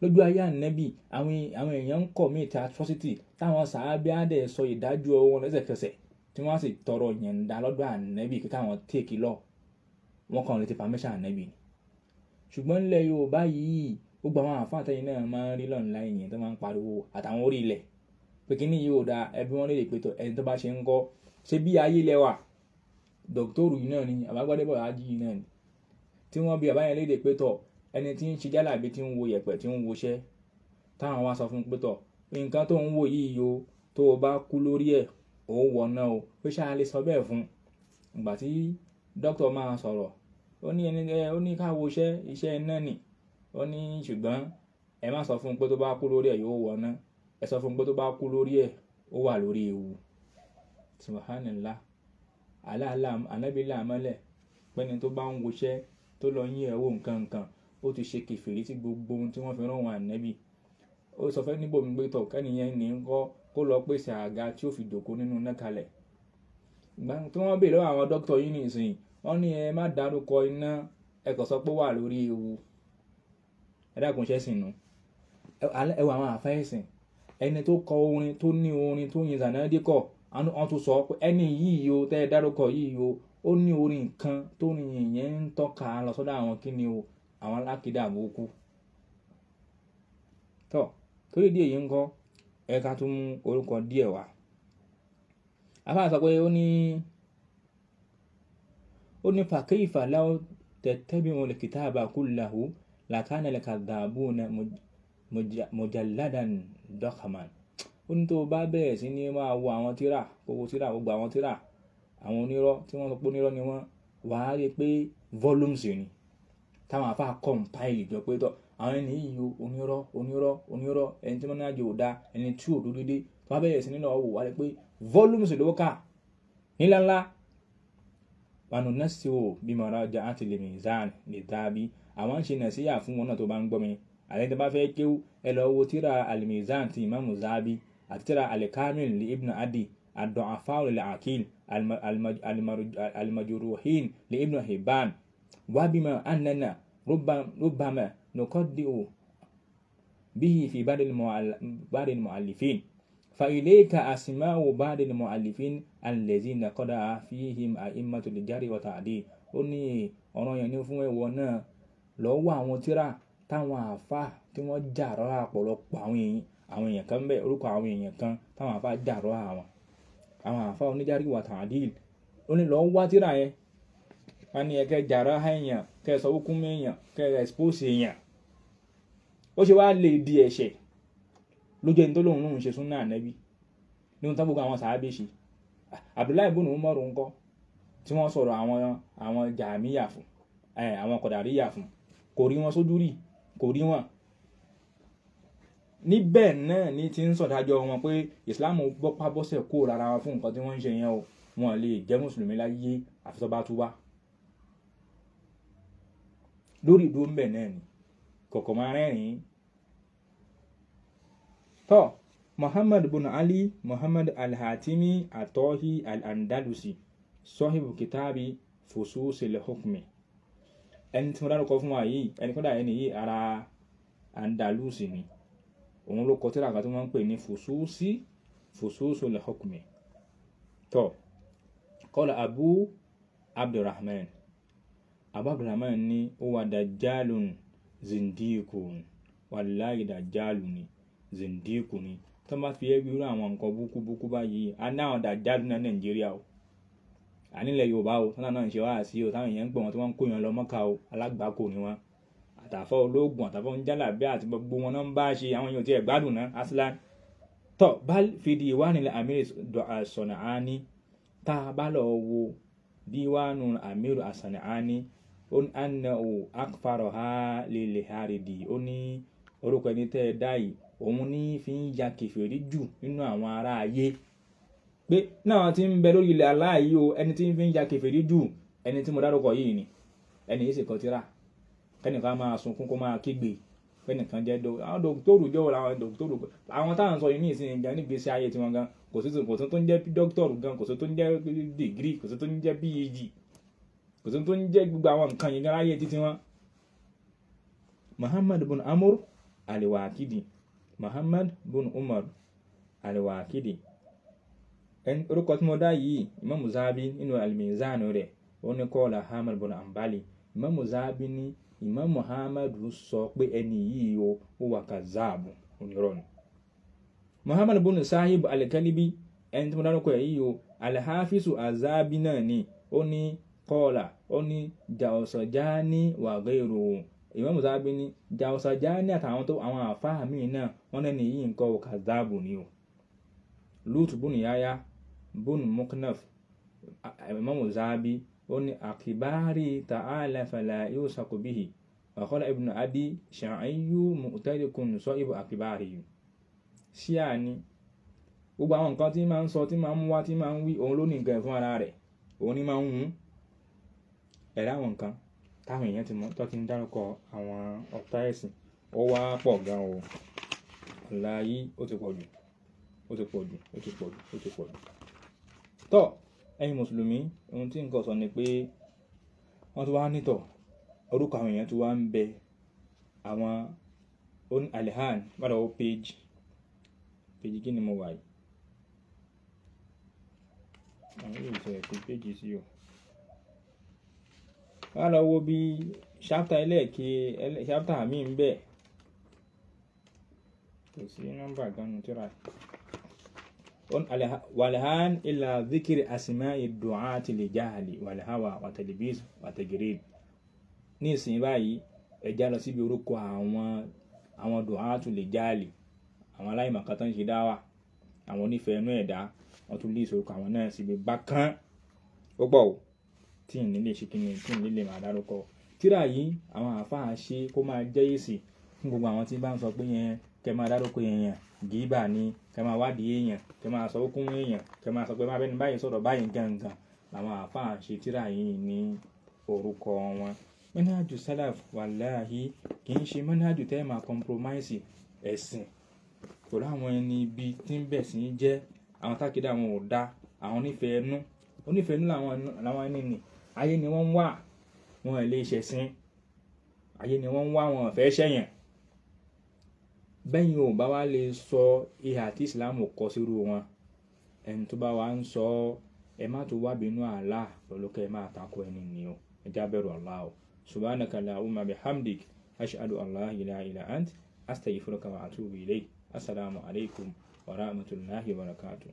lójú ayé ànẹ́bì àwọn e, àwọn èèyàn ń kọ̀ mí ìta atrocity táwọn sàábẹ́ àdẹ̀ sọ ìdájọ́ wọn lẹ́sẹ̀kẹsẹ̀ tí wọ́n sì tọrọ yẹ̀ǹda lọ́dọ̀ ànẹ́bì kí káwọn téèkì lọ wọ́n kàn létí permission ànẹ́bì ni ṣùgbọ́n nílẹ̀ Yorùbá yìí gbogbo àwọn àǹfààní àtẹ̀yìn náà máa ń rí lọ́nà ìyẹn tó dọ̀kítọ́rù yìí náà ni àbágbádébọ̀ ajì yìí náà ni tí wọ́n bi àbáyẹn léde pé tọ̀ ẹni tí ń ṣe jálàbí tí ń wo yẹ̀pẹ̀ tí ń woṣẹ́ táwọn wá sọ fún pé tọ̀ nǹkan tó ń wò yìí o tó o bá kú lórí ẹ̀ ò wọ̀nà o pé ṣáà lè sọ bẹ́ẹ̀ fún ìgbà tí dókítà máa sọ̀rọ̀ ó ní ẹni ẹ ó ní ká woṣẹ́ iṣẹ́ iná nì ó ní ṣùgbọ́n ẹ má sọ fún pé tó bá kú lórí ẹ̀ yóò wọ̀nà ẹ sọ fún pé tó bá kú lórí ẹ̀ ó wà lórí ewu subhanallah anábìlà mọ́lẹ̀ pẹ́ni tó bá ń woṣẹ́ tó lọ yín ẹ̀ wò nǹkan nǹkan ó ti ṣe kẹfìrí sí gbogbo ohun tí wọ́n fi rán wọn ànábì ó sọ fẹ́ níbo mi gbé tọ̀ kẹ́niyẹn ní kọ́ kó lọ pèsè àga tí ó fi jòkó nínú náà kalẹ̀ tí wọ́n bèèrè lọ́wọ́ àwọn dókítà yìí nìsín wọ́n ní ẹ má dárúkọ iná ẹ kò sọ pé wà lórí ewu ẹ dákun iṣẹ́ sìn nù ẹ wọ àwọn àfẹ́ ẹ̀sìn ẹni tó kọ orin tó ní orin tó yin zànádìkọ̀ wọ́n tún sọ pé ẹni yìí o tẹ́ ẹ dárúkọ yìí o ó ní orin nǹkan tó rìn yẹn ń tọ́ka lọ sọ́dọ̀ àwọn kíni o àwọn alákìdá àbókù. tọ́ torí díẹ̀ yìí ń kọ́ ẹ̀ka tún mú orúkọ díẹ̀ wá. afáà sọ pé ó ní ó ní fàkéyìfà láwọn tẹ̀tẹ́bí wọn lè kìtà àbàkù làhù làkànnì lè kàdàbù náà mọ̀jàládàn dọ́kàmán ó ní tó o bá bẹ̀rẹ̀ sí ní máa wo àwọn tíra gbogbo tíra gbogbo àwọn tíra àwọn onírọ́ tí wọ́n sọ pé onírọ́ ni wọ́n wàá rí i pé volumes ni táwọn afá compile jọ pé tọ́ àwọn ẹni yìí onírọ́ onírọ́ onírọ́ ẹni tí wọ́n náà jò dá ẹni tí ò dúdú dé tó bá bẹ̀rẹ̀ sí nínú ọ̀wọ̀ wá rí i pé volumes ló kà níláńlá wanu nasi wo bí mara ọjà àti lè mizan lè dábí àwọn ń ṣe nàṣíyà fún wọn náà tó bá ń gbọ́ mi àlẹ́ tó bá fẹ́ kéwú ẹ lọ wo tíra alimizan ti imamu zabi àti tíra alikamil li ibn adi adọ́afáwò li akil almajuruhin li ibn hibban wabima annana rubama nukodi'u bihi fi badil mu'allifin فإليك أسماء بعض المؤلفين الذين قد فيهم أئمة الجري والتعديل ó ní ọ̀ranyàn ni fún ẹ̀wọ̀ náà lọ́wọ́ àwọn tíra táwọn àáfàá tí wọ́n jàrọ́ àpọ̀lọpọ̀ àwọn èèyàn àwọn èèyàn kan bẹ́ẹ̀ orúkọ àwọn èèyàn kan táwọn àáfàá jàrọ́ àwọn àwọn àáfàá oníjàrí wà tàn díìl ó ní lọ́ọ́ wá tíra yẹn wọ́n ní ẹ̀kẹ́ jàrọ́ èèyàn kẹ́ ẹ sọ wókú mẹ́yàn kẹ́ ẹ expose èèyàn ó ṣe wá lè di ẹ̀ṣẹ̀ lójú ẹni tó lóun lóun ṣe súnà ànẹ́bí ní ohun tó gbogbo àwọn sàábé ṣe Abdullahi bùnú mọ́rùn ńkọ́ kò rí wọn sójú rí kò rí wọn níbẹ̀ náà ní ti ń sọ̀dájọ́ wọn pé ìsìláàmù bọ́pá bọ́sẹ̀ kó rárá wa fún nǹkan tí wọ́n ń ṣe yẹn o wọn lè jẹ́ mùsùlùmí láyé àfi tó wá lórí ìdúró ń náà ni kọ̀kọ̀ máa rẹ́rìn-ín tọ́ Muhammad bin Ali Muhammad al-Hatimi atọ́hi al-Andalusi sọ́hìbù kìtàbí fususil hukmi ẹni tí mo dárúkọ fún wa yìí ẹni kọ́dà ẹni yìí ara Andalus ni òun ló kọ tírà kan tí wọ́n ń pè ní fòsóòsì fòsóòsì lẹ́họ́kùnmí tó kọ́lá abu abdulrahman abu abdulrahman ní ó wà dajálùn zindíkùn wàláyé dajálùn ni zindíkùn ni tó bá fi ẹ́ wíwúrọ̀ àwọn nǹkan búkúbúkú báyìí a náà dajálùn ní nàìjíríà o ànílẹ̀ yorùbá o tọ́lá náà ń ṣe wáhà sí o táwọn èèyàn ń pè wọ́n tí wọ́n ń kó yan lọ mọ́ka o alágbàákò ni wọ́n àtàfọ́ ológun àtàfọ́ oníjàlábẹ́ àti gbogbo wọn náà ń bá ṣe àwọn èèyàn tí ẹ̀ gbádùn náà aslan tọ́ bá fìdí ìwánilẹ̀ amir sọ̀nàání tá a bá lọ wo díwánu amir sọ̀nàání ó ní àná o akfarọ̀ ha lèlè àrèdì ó ní orúkọ ẹni tẹ́ ẹ dá yìí òun ní fi ń ya kẹfẹ́rí jù nínú àwọn ará ayé pé náà ti ń bẹ lórí ilẹ̀ aláàyè o ẹni tí ń fi ń ya kèfèrí jù ẹni tí mo dárúkọ yìí ni ẹni yìí sì kọ tírà kẹ́nìkan máa sunkún kó máa kígbe kẹ́nìkan jẹ́ dọ́ àwọn dọ́kítọ́rù jọ wọ làwọn dọ́kítọ́rù àwọn táwọn sọ yìí ní ìsìn ìgbà nígbèsí ayé tiwọn gan kò sí kò sí tó ń jẹ́ dọ́kítọ́rù gan kò sí tó ń jẹ́ dègírì kò sí tó ń jẹ́ phd e kò sí tó ń jẹ́ gbogbo àwọn nǹkan yìí gan láyé títí wọn. Muhammad bin Amur aliwakidi Muhammad bin Umar aliwakidi orúkọ tí mo dá yìí Imam Zahabi nínú al-Mizan rẹ̀ ó ní kọ́ọ̀lá Ahmad bin Hanbali Imam Zahabi ní Imam Muhammad sọ pé ẹni yìí o ó wà kazaabu onírọ̀nù Muhammad bin Sahib al-Kalibi ẹni tí mo dárúkọ ẹ̀ o al-Hafizu azabi náà ni ó ní kọ́ọ̀lá Jawsajani wa ghayru Imam Zahabi ní Jawsajani àtàwọn tó àwọn àfáà míì náà wọ́n lẹ́nu yìí nǹkan ò ni o lóòtù bùnìyáyá bun muknaf imamu zabi ó ní àkìbárí ta'ala fala yusaku bihi ọ̀kọ́lá ibnu adi ṣàáyú mu'tarikun sọ ibu àkìbárí yìí ṣíà ni gbogbo àwọn nǹkan tí máa ń sọ tí máa ń wá tí máa ń wí òun ló ní nǹkan fún ara rẹ̀ òun ni máa ń hun ẹ̀rá àwọn nǹkan táwọn èèyàn ti mọ tó ti ń dárúkọ àwọn ọ̀tá ẹ̀sìn ó wá pọ̀ gan o ọ̀la ó ti pọ̀ jù ó ti pọ̀ jù ó ti pọ̀ jù ó ti pọ̀ jù tọ́ ẹ̀yin mùsùlùmí ohun tí nǹkan sọ ni pé wọ́n ti wá nítọ̀ orúkọ àwọn èèyàn ti wá ń bẹ àwọn on alihan padà ó page page kí ni mo wà yìí àwọn yóò sọ ẹ̀kọ́ page sí o wá lọ wo bí ṣáptà ẹlẹ́ẹ̀kì ṣáptà mi ń bẹ kò sí nọ́mbà ganu tíra yìí on walhan ila dhikri asma'i du'ati li jahli wal hawa wa talbis wa tajrid ní ìsìn báyìí ẹ já lọ síbi orúkọ àwọn àwọn du'atu li jahli àwọn aláìmọ̀kan tó ń ṣe dáwà àwọn onífẹ̀ẹ́ inú ẹ̀dá wọ́n tún lé ìsorúkọ àwọn náà síbi bákan ó pọ̀ o tí ì nílé ṣe kí ni tí ì nílé máa dárúkọ tíra yìí àwọn àáfàá ṣe kó máa jẹ́ èsì gbogbo àwọn tí bá ń sọ pé yẹn kẹ máa dárúkọ èèyàn gíbà ni kẹ máa wádìí èèyàn kẹ máa sọ okùn èèyàn kẹ máa sọ pé máa bẹni báyìí sọ̀rọ̀ báyìí gangan làwọn àáfàá ṣe tíra yìí ní orúkọ wọn. mẹ́nájú sálàf wàláhì kì í ṣe mẹ́nájú tẹ́ máa compromise ẹ̀sìn kò láwọn ẹni ibi tí ń bẹ̀ sí jẹ́ àwọn tákìdá àwọn ò dá àwọn onífẹ̀ẹ́ nú onífẹ̀ẹ́ nú làwọn ẹni nì ayé ni wọ́n ń wà wọn ò lè ṣẹ̀sìn ayé ni wọ́n ń wá wọn ò fẹ́ ṣẹ̀yàn bẹ́yìn ò bá wá lè sọ ìhà tí ìsìláàmù kọ sírú wọn ẹni tó bá wá ń sọ ẹ má tó wá bínú àlá pẹ̀lú kẹ́ ẹ má tako ẹni ni o ẹ já bẹ̀rù àlá o subhanaka allahumma bihamdik ashhadu an la ilaha illa ant astaghfiruka wa atubu ilayk assalamu alaikum wa rahmatullahi wa barakatuh